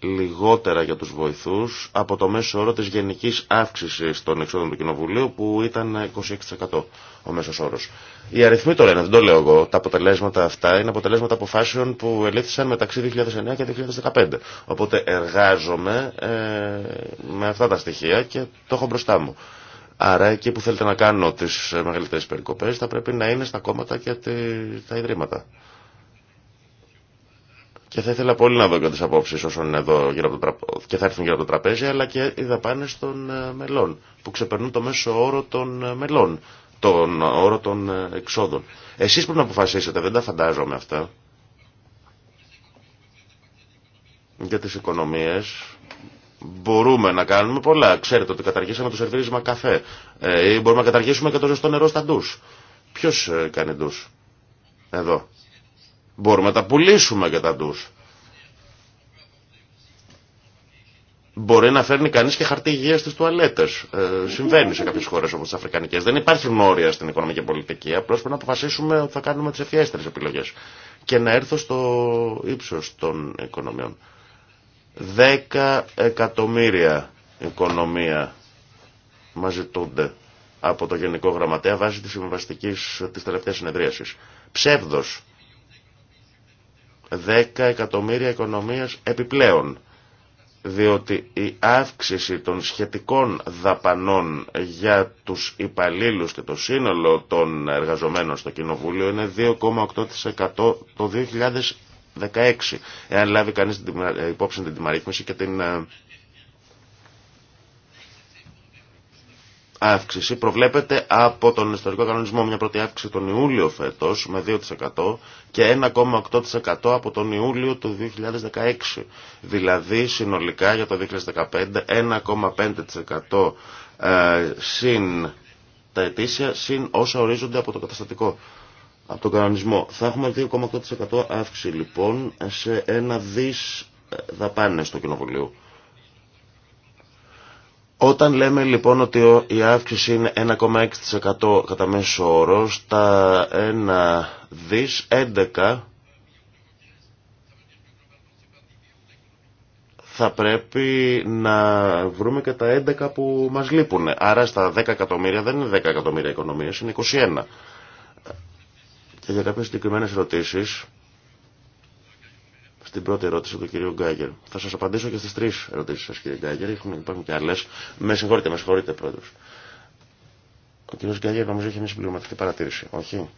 λιγότερα για τους βοηθούς από το μέσο όρο της γενικής αύξησης των εξόδων του Κοινοβουλίου που ήταν 26% ο μέσος όρος. Οι αριθμοί τώρα είναι, δεν το λέω εγώ, τα αποτελέσματα αυτά είναι αποτελέσματα αποφάσεων που ελήφθησαν μεταξύ 2009 και 2015. Οπότε εργάζομαι ε, με αυτά τα στοιχεία και το έχω μπροστά μου. Άρα εκεί που θέλετε να κάνω τις μεγαλύτερες περικοπές θα πρέπει να είναι στα κόμματα και τα ιδρύματα. Και θα ήθελα πολύ να δω και τι απόψει όσων είναι εδώ γύρω από το και θα έρθουν γύρω από το τραπέζι, αλλά και οι δαπάνε των ε, μελών, που ξεπερνούν το μέσο όρο των ε, μελών, τον όρο των ε, εξόδων. Εσεί πρέπει να αποφασίσετε, δεν τα φαντάζομαι αυτά. Για τι οικονομίε μπορούμε να κάνουμε πολλά. Ξέρετε ότι καταργήσαμε το σερβίρισμα καφέ. Ή μπορούμε να καταργήσουμε και το ζεστό νερό στα ντου. Ποιο κάνει ντου. Εδώ. Μπορούμε να τα πουλήσουμε τα ντους. Μπορεί να φέρνει κανείς και χαρτί υγεία στις τουαλέτες. Ε, συμβαίνει σε κάποιες χώρες όπως τις Αφρικανικές. Δεν υπάρχουν όρια στην οικονομική πολιτική. Απλώς πρέπει να αποφασίσουμε ότι θα κάνουμε τις ευφιέστερες επιλογές. Και να έρθω στο ύψος των οικονομιών. 10 εκατομμύρια οικονομία μας ζητούνται από το Γενικό Γραμματέα βάσει της συμβαστικής της τελευταίας συνεδρίασης. Ψεύδος 10 εκατομμύρια οικονομίες επιπλέον διότι η αύξηση των σχετικών δαπανών για τους υπαλλήλους και το σύνολο των εργαζομένων στο Κοινοβούλιο είναι 2,8% το 2016, εάν λάβει κανείς υπόψη την τιμαρρύθμιση και την ε, αύξηση προβλέπεται από τον ιστορικό κανονισμό μια πρώτη αύξηση τον Ιούλιο φέτος με 2% και 1,8% από τον Ιούλιο του 2016. Δηλαδή συνολικά για το 2015 1,5% ε, συν τα ετήσια συν όσα ορίζονται από το καταστατικό. Από τον κανονισμό. Θα έχουμε 2,8% αύξηση λοιπόν σε ένα δις ε, δαπάνες στο κοινοβουλίου. Όταν λέμε λοιπόν ότι η αύξηση είναι 1,6% κατά μέσο όρο, στα 1 δις 11 θα πρέπει να βρούμε και τα 11 που μας λείπουν. Άρα στα 10 εκατομμύρια δεν είναι 10 εκατομμύρια οικονομίες, είναι 21. Και για κάποιες συγκεκριμένε ερωτήσεις στην πρώτη ερώτηση του κυρίου Γκάγκερ. Θα σα απαντήσω και στι τρει ερωτήσει σα, κύριε Γκάγκερ, υπάρχουν και άλλε. Με συγχωρείτε, με συγχωρείτε πρόεδρο. Ο κύριο Γκάγκερ νομίζω έχει μια συμπληρωματική παρατήρηση, όχι.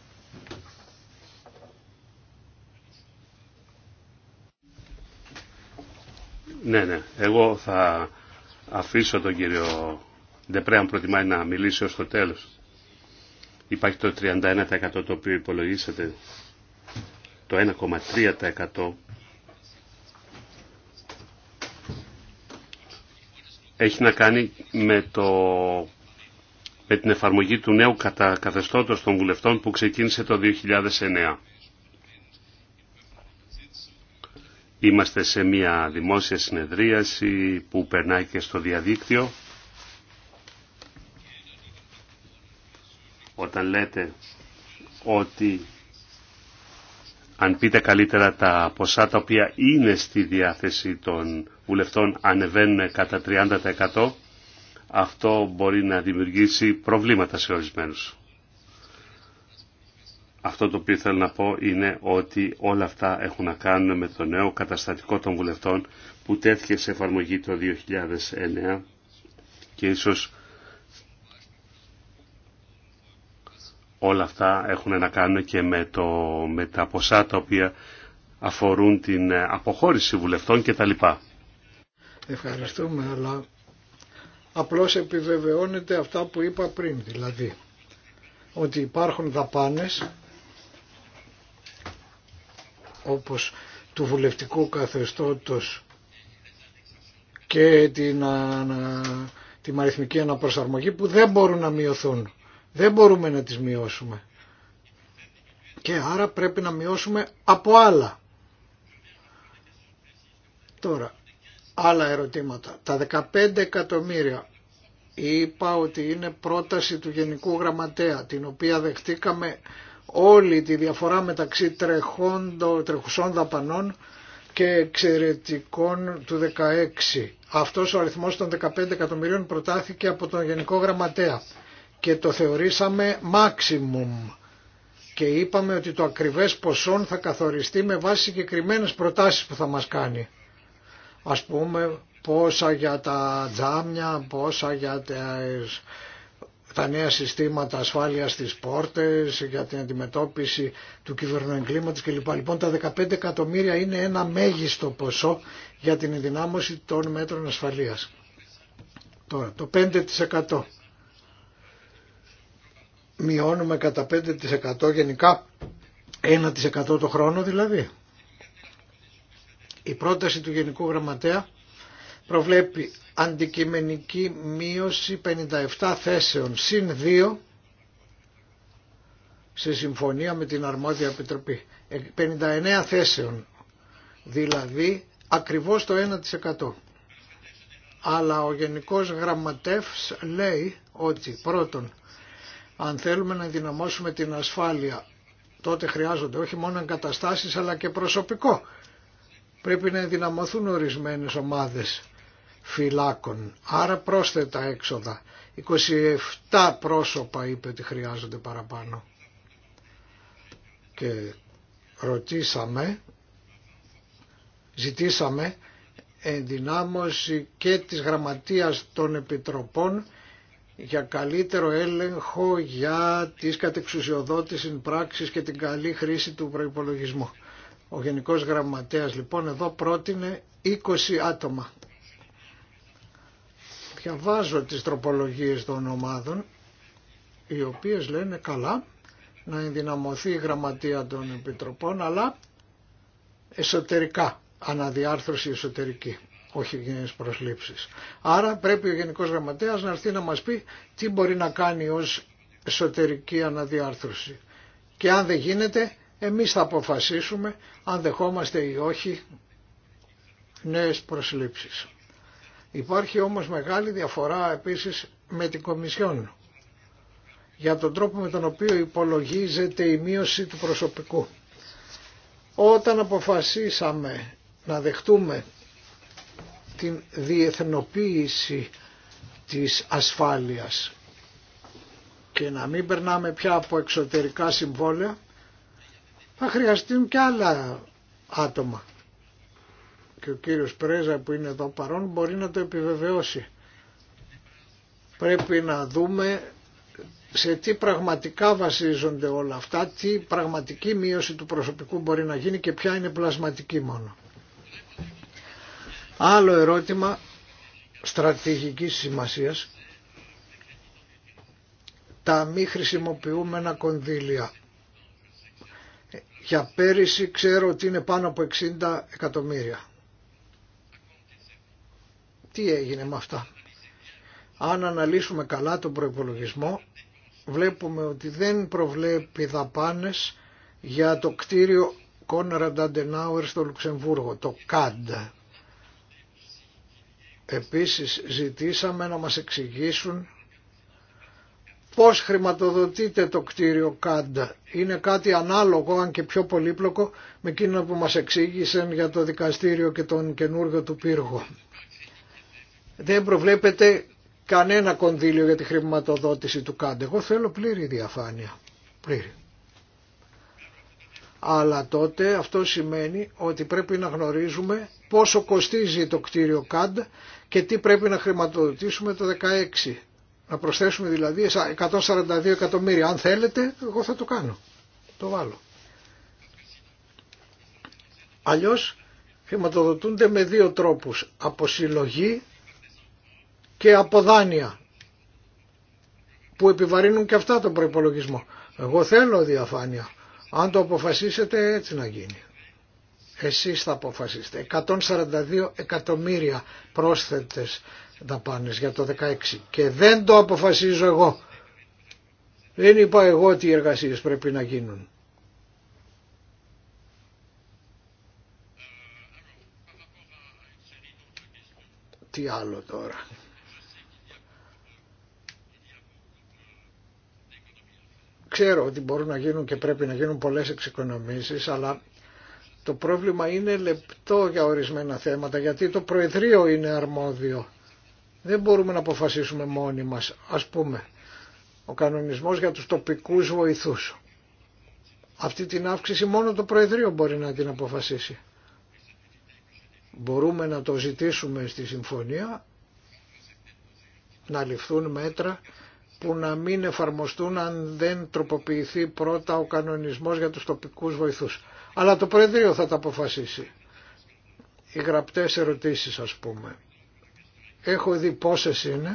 Ναι, ναι. Εγώ θα αφήσω τον κύριο Ντεπρέ αν προτιμάει να μιλήσει ω το τέλος. Υπάρχει το 31% το οποίο υπολογίσατε, το 1,3% έχει να κάνει με, το, την εφαρμογή του νέου καθεστώτος των βουλευτών που ξεκίνησε το 2009. Είμαστε σε μια δημόσια συνεδρίαση που περνάει και στο διαδίκτυο. Όταν λέτε ότι αν πείτε καλύτερα τα ποσά τα οποία είναι στη διάθεση των βουλευτών ανεβαίνουν κατά 30% αυτό μπορεί να δημιουργήσει προβλήματα σε ορισμένους. Αυτό το οποίο θέλω να πω είναι ότι όλα αυτά έχουν να κάνουν με το νέο καταστατικό των βουλευτών που τέθηκε σε εφαρμογή το 2009 και ίσως όλα αυτά έχουν να κάνουν και με, το, με τα ποσά τα οποία αφορούν την ε, αποχώρηση βουλευτών και τα κτλ. Ευχαριστούμε, αλλά απλώς επιβεβαιώνεται αυτά που είπα πριν, δηλαδή ότι υπάρχουν δαπάνες όπως του βουλευτικού καθεστώτος και την, την αριθμική αναπροσαρμογή που δεν μπορούν να μειωθούν. Δεν μπορούμε να τις μειώσουμε. Και άρα πρέπει να μειώσουμε από άλλα. Τώρα, άλλα ερωτήματα. Τα 15 εκατομμύρια είπα ότι είναι πρόταση του Γενικού Γραμματέα, την οποία δεχτήκαμε όλη τη διαφορά μεταξύ τρεχουσών δαπανών και εξαιρετικών του 16. Αυτός ο αριθμός των 15 εκατομμυρίων προτάθηκε από τον Γενικό Γραμματέα και το θεωρήσαμε maximum και είπαμε ότι το ακριβές ποσό θα καθοριστεί με βάση συγκεκριμένε προτάσεις που θα μας κάνει. Ας πούμε πόσα για τα τζάμια, πόσα για τα, τα νέα συστήματα ασφάλειας στις πόρτες, για την αντιμετώπιση του κυβερνοεγκλήματος κλπ. Λοιπόν τα 15 εκατομμύρια είναι ένα μέγιστο ποσό για την ενδυνάμωση των μέτρων ασφαλείας. Τώρα το 5% μειώνουμε κατά 5% γενικά 1% το χρόνο δηλαδή. Η πρόταση του Γενικού Γραμματέα προβλέπει αντικειμενική μείωση 57 θέσεων συν 2 σε συμφωνία με την αρμόδια επιτροπή. 59 ε, θέσεων δηλαδή ακριβώς το 1%. Αλλά ο Γενικός Γραμματεύς λέει ότι πρώτον αν θέλουμε να ενδυναμώσουμε την ασφάλεια, τότε χρειάζονται όχι μόνο εγκαταστάσεις αλλά και προσωπικό. Πρέπει να ενδυναμωθούν ορισμένες ομάδες φυλάκων, άρα πρόσθετα έξοδα. 27 πρόσωπα είπε ότι χρειάζονται παραπάνω. Και ρωτήσαμε, ζητήσαμε ενδυνάμωση και της γραμματείας των επιτροπών για καλύτερο έλεγχο για τις κατεξουσιοδότηση πράξεις και την καλή χρήση του προϋπολογισμού. Ο Γενικός Γραμματέας λοιπόν εδώ πρότεινε 20 άτομα. Διαβάζω τις τροπολογίες των ομάδων, οι οποίες λένε καλά να ενδυναμωθεί η γραμματεία των επιτροπών, αλλά εσωτερικά, αναδιάρθρωση εσωτερική όχι προσλήψεις. Άρα πρέπει ο Γενικός Γραμματέας να έρθει να μας πει τι μπορεί να κάνει ως εσωτερική αναδιάρθρωση. Και αν δεν γίνεται, εμείς θα αποφασίσουμε αν δεχόμαστε ή όχι νέες προσλήψεις. Υπάρχει όμως μεγάλη διαφορά επίσης με την Κομισιόν για τον τρόπο με τον οποίο υπολογίζεται η μείωση του προσωπικού. Όταν αποφασίσαμε να δεχτούμε την διεθνοποίηση της ασφάλειας και να μην περνάμε πια από εξωτερικά συμβόλαια θα χρειαστούν και άλλα άτομα. Και ο κύριος Πρέζα που είναι εδώ παρόν μπορεί να το επιβεβαιώσει. Πρέπει να δούμε σε τι πραγματικά βασίζονται όλα αυτά, τι πραγματική μείωση του προσωπικού μπορεί να γίνει και ποια είναι πλασματική μόνο. Άλλο ερώτημα στρατηγικής σημασίας. Τα μη χρησιμοποιούμενα κονδύλια. Για πέρυσι ξέρω ότι είναι πάνω από 60 εκατομμύρια. Τι έγινε με αυτά. Αν αναλύσουμε καλά τον προϋπολογισμό βλέπουμε ότι δεν προβλέπει δαπάνες για το κτίριο Κόνραντ Αντενάουερ στο Λουξεμβούργο, το ΚΑΝΤ. Επίσης ζητήσαμε να μας εξηγήσουν πώς χρηματοδοτείται το κτίριο Κάντα. Είναι κάτι ανάλογο, αν και πιο πολύπλοκο, με εκείνο που μας εξήγησαν για το δικαστήριο και τον καινούργιο του πύργο. Δεν προβλέπεται κανένα κονδύλιο για τη χρηματοδότηση του Κάντα. Εγώ θέλω πλήρη διαφάνεια. Πλήρη. Αλλά τότε αυτό σημαίνει ότι πρέπει να γνωρίζουμε πόσο κοστίζει το κτίριο CAD και τι πρέπει να χρηματοδοτήσουμε το 16. Να προσθέσουμε δηλαδή 142 εκατομμύρια. Αν θέλετε, εγώ θα το κάνω. Το βάλω. Αλλιώς χρηματοδοτούνται με δύο τρόπους. Από συλλογή και από δάνεια που επιβαρύνουν και αυτά τον προϋπολογισμό. Εγώ θέλω διαφάνεια. Αν το αποφασίσετε έτσι να γίνει. Εσείς θα αποφασίσετε. 142 εκατομμύρια πρόσθετες δαπάνες για το 16 και δεν το αποφασίζω εγώ. Δεν είπα εγώ ότι οι εργασίες πρέπει να γίνουν. Τι άλλο τώρα. ξέρω ότι μπορούν να γίνουν και πρέπει να γίνουν πολλές εξοικονομήσεις, αλλά το πρόβλημα είναι λεπτό για ορισμένα θέματα, γιατί το Προεδρείο είναι αρμόδιο. Δεν μπορούμε να αποφασίσουμε μόνοι μας, ας πούμε, ο κανονισμός για τους τοπικούς βοηθούς. Αυτή την αύξηση μόνο το Προεδρείο μπορεί να την αποφασίσει. Μπορούμε να το ζητήσουμε στη συμφωνία, να ληφθούν μέτρα που να μην εφαρμοστούν αν δεν τροποποιηθεί πρώτα ο κανονισμός για τους τοπικούς βοηθούς. Αλλά το Προεδρείο θα τα αποφασίσει. Οι γραπτές ερωτήσεις ας πούμε. Έχω δει πόσες είναι.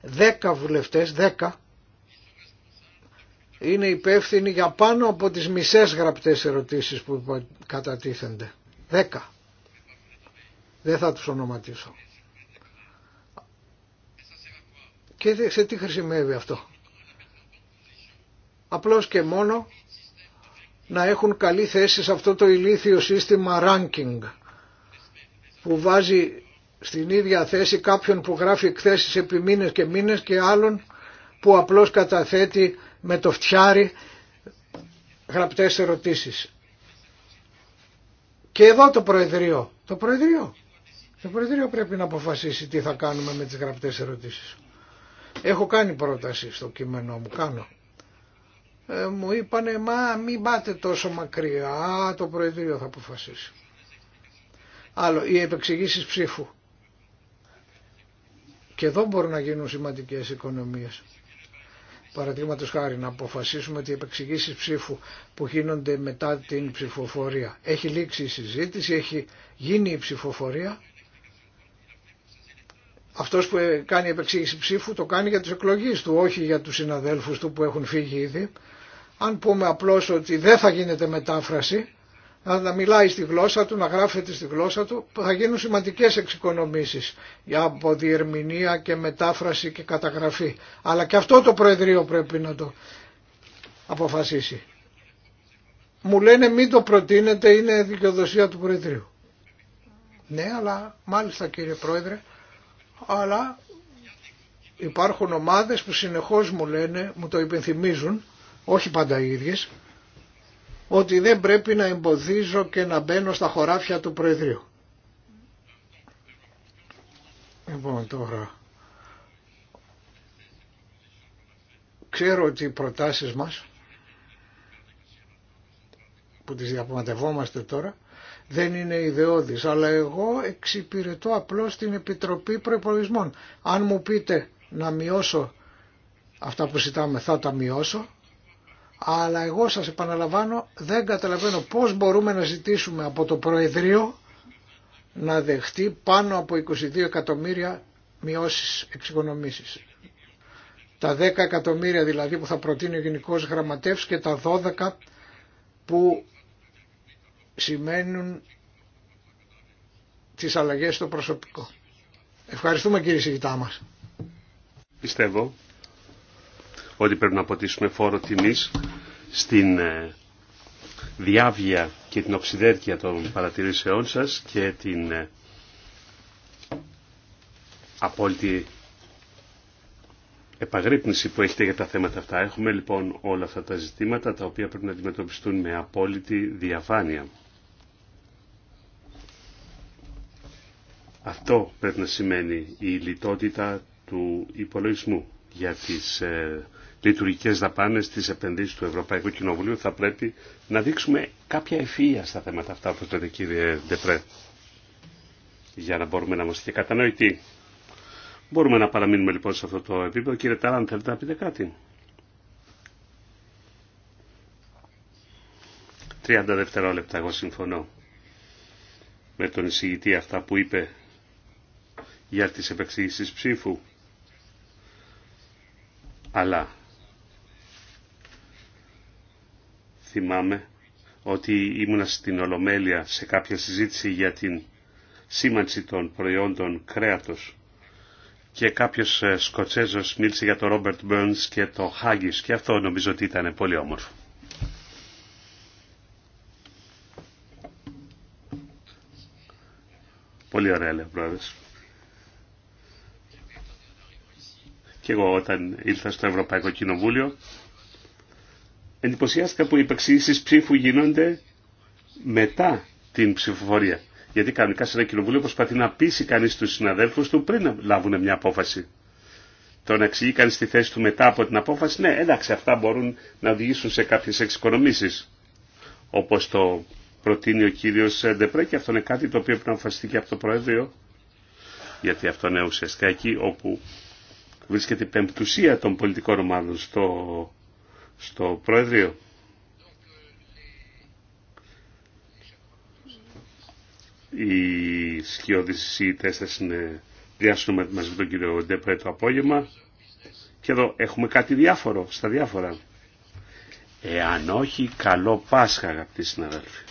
Δέκα βουλευτές, δέκα, είναι υπεύθυνοι για πάνω από τις μισές γραπτές ερωτήσεις που κατατίθενται. Δέκα. Δεν θα τους ονοματίσω. Και σε τι χρησιμεύει αυτό. Απλώς και μόνο να έχουν καλή θέση σε αυτό το ηλίθιο σύστημα ranking που βάζει στην ίδια θέση κάποιον που γράφει εκθέσεις επί μήνες και μήνες και άλλον που απλώς καταθέτει με το φτιάρι γραπτές ερωτήσεις. Και εδώ το Προεδρείο. Το Προεδρείο. Το Προεδρείο πρέπει να αποφασίσει τι θα κάνουμε με τις γραπτές ερωτήσεις. Έχω κάνει πρόταση στο κείμενό μου, κάνω. Ε, μου είπανε, μα μην πάτε τόσο μακριά, το Προεδρείο θα αποφασίσει. Άλλο, οι επεξηγήσεις ψήφου. Και εδώ μπορούν να γίνουν σημαντικές οικονομίες. Παραδείγματο χάρη να αποφασίσουμε ότι οι επεξηγήσεις ψήφου που γίνονται μετά την ψηφοφορία. Έχει λήξει η συζήτηση, έχει γίνει η ψηφοφορία αυτός που κάνει επεξήγηση ψήφου το κάνει για τις εκλογές του, όχι για τους συναδέλφους του που έχουν φύγει ήδη. Αν πούμε απλώς ότι δεν θα γίνεται μετάφραση, να μιλάει στη γλώσσα του, να γράφεται στη γλώσσα του, θα γίνουν σημαντικές εξοικονομήσεις για αποδιερμηνία και μετάφραση και καταγραφή. Αλλά και αυτό το Προεδρείο πρέπει να το αποφασίσει. Μου λένε μην το προτείνετε, είναι δικαιοδοσία του Προεδρείου. Ναι, αλλά μάλιστα κύριε Πρόεδρε, αλλά υπάρχουν ομάδες που συνεχώς μου λένε, μου το υπενθυμίζουν, όχι πάντα οι ίδιες, ότι δεν πρέπει να εμποδίζω και να μπαίνω στα χωράφια του Προεδρείου. Λοιπόν τώρα, ξέρω ότι οι προτάσεις μας που τις διαπραγματευόμαστε τώρα δεν είναι ιδεώδης, αλλά εγώ εξυπηρετώ απλώς την Επιτροπή Προπολογισμών. Αν μου πείτε να μειώσω αυτά που ζητάμε θα τα μειώσω, αλλά εγώ σας επαναλαμβάνω δεν καταλαβαίνω πώς μπορούμε να ζητήσουμε από το Προεδρείο να δεχτεί πάνω από 22 εκατομμύρια μειώσεις εξοικονομήσεις. Τα 10 εκατομμύρια δηλαδή που θα προτείνει ο Γενικός Γραμματεύς και τα 12 που σημαίνουν τις αλλαγές στο προσωπικό. Ευχαριστούμε κύριε Σιγητά μας. Πιστεύω ότι πρέπει να αποτίσουμε φόρο τιμής στην ε, διάβια και την οξυδέρκεια των παρατηρήσεών σας και την ε, απόλυτη επαγρύπνηση που έχετε για τα θέματα αυτά. Έχουμε λοιπόν όλα αυτά τα ζητήματα τα οποία πρέπει να αντιμετωπιστούν με απόλυτη διαφάνεια. Αυτό πρέπει να σημαίνει η λιτότητα του υπολογισμού για τις ε, λειτουργικές δαπάνες της επενδύσεις του Ευρωπαϊκού Κοινοβουλίου θα πρέπει να δείξουμε κάποια ευφυΐα στα θέματα αυτά όπως λέτε κύριε Ντεπρέ για να μπορούμε να είμαστε και κατανοητοί. Μπορούμε να παραμείνουμε λοιπόν σε αυτό το επίπεδο. Κύριε Τάραν, θέλετε να πείτε κάτι. 30 δευτερόλεπτα, εγώ συμφωνώ με τον εισηγητή αυτά που είπε για τις επεξηγήσεις ψήφου. Αλλά θυμάμαι ότι ήμουνα στην Ολομέλεια σε κάποια συζήτηση για την σήμανση των προϊόντων κρέατος και κάποιος ε, Σκοτσέζος μίλησε για το Ρόμπερτ Μπέρνς και το Χάγκης και αυτό νομίζω ότι ήταν πολύ όμορφο. Πολύ ωραία λέει ο και εγώ όταν ήλθα στο Ευρωπαϊκό Κοινοβούλιο, εντυπωσιάστηκα που οι υπεξηγήσει ψήφου γίνονται μετά την ψηφοφορία. Γιατί κανονικά σε ένα κοινοβούλιο προσπαθεί να πείσει κανεί του συναδέλφου του πριν να λάβουν μια απόφαση. Το να εξηγεί κανεί τη θέση του μετά από την απόφαση, ναι, εντάξει, αυτά μπορούν να οδηγήσουν σε κάποιε εξοικονομήσει. Όπω το προτείνει ο κύριο Ντεπρέ και αυτό είναι κάτι το οποίο πρέπει να αποφασιστεί και από το Προεδρείο. Γιατί αυτό είναι ουσιαστικά εκεί όπου βρίσκεται η πεμπτουσία των πολιτικών ομάδων στο, στο Προεδρείο. Οι σκιώδεις οι τέσσερις είναι διάσωμα μαζί με τον κύριο Ντεπρέ το απόγευμα. Και εδώ έχουμε κάτι διάφορο, στα διάφορα. Εάν όχι, καλό Πάσχα αγαπητοί συναδέλφοι.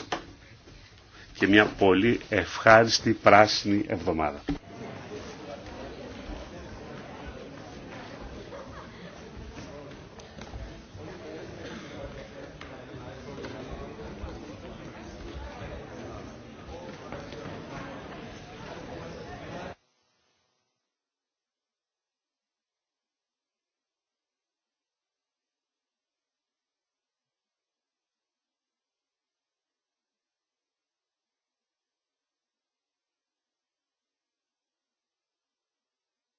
Και μια πολύ ευχάριστη πράσινη εβδομάδα.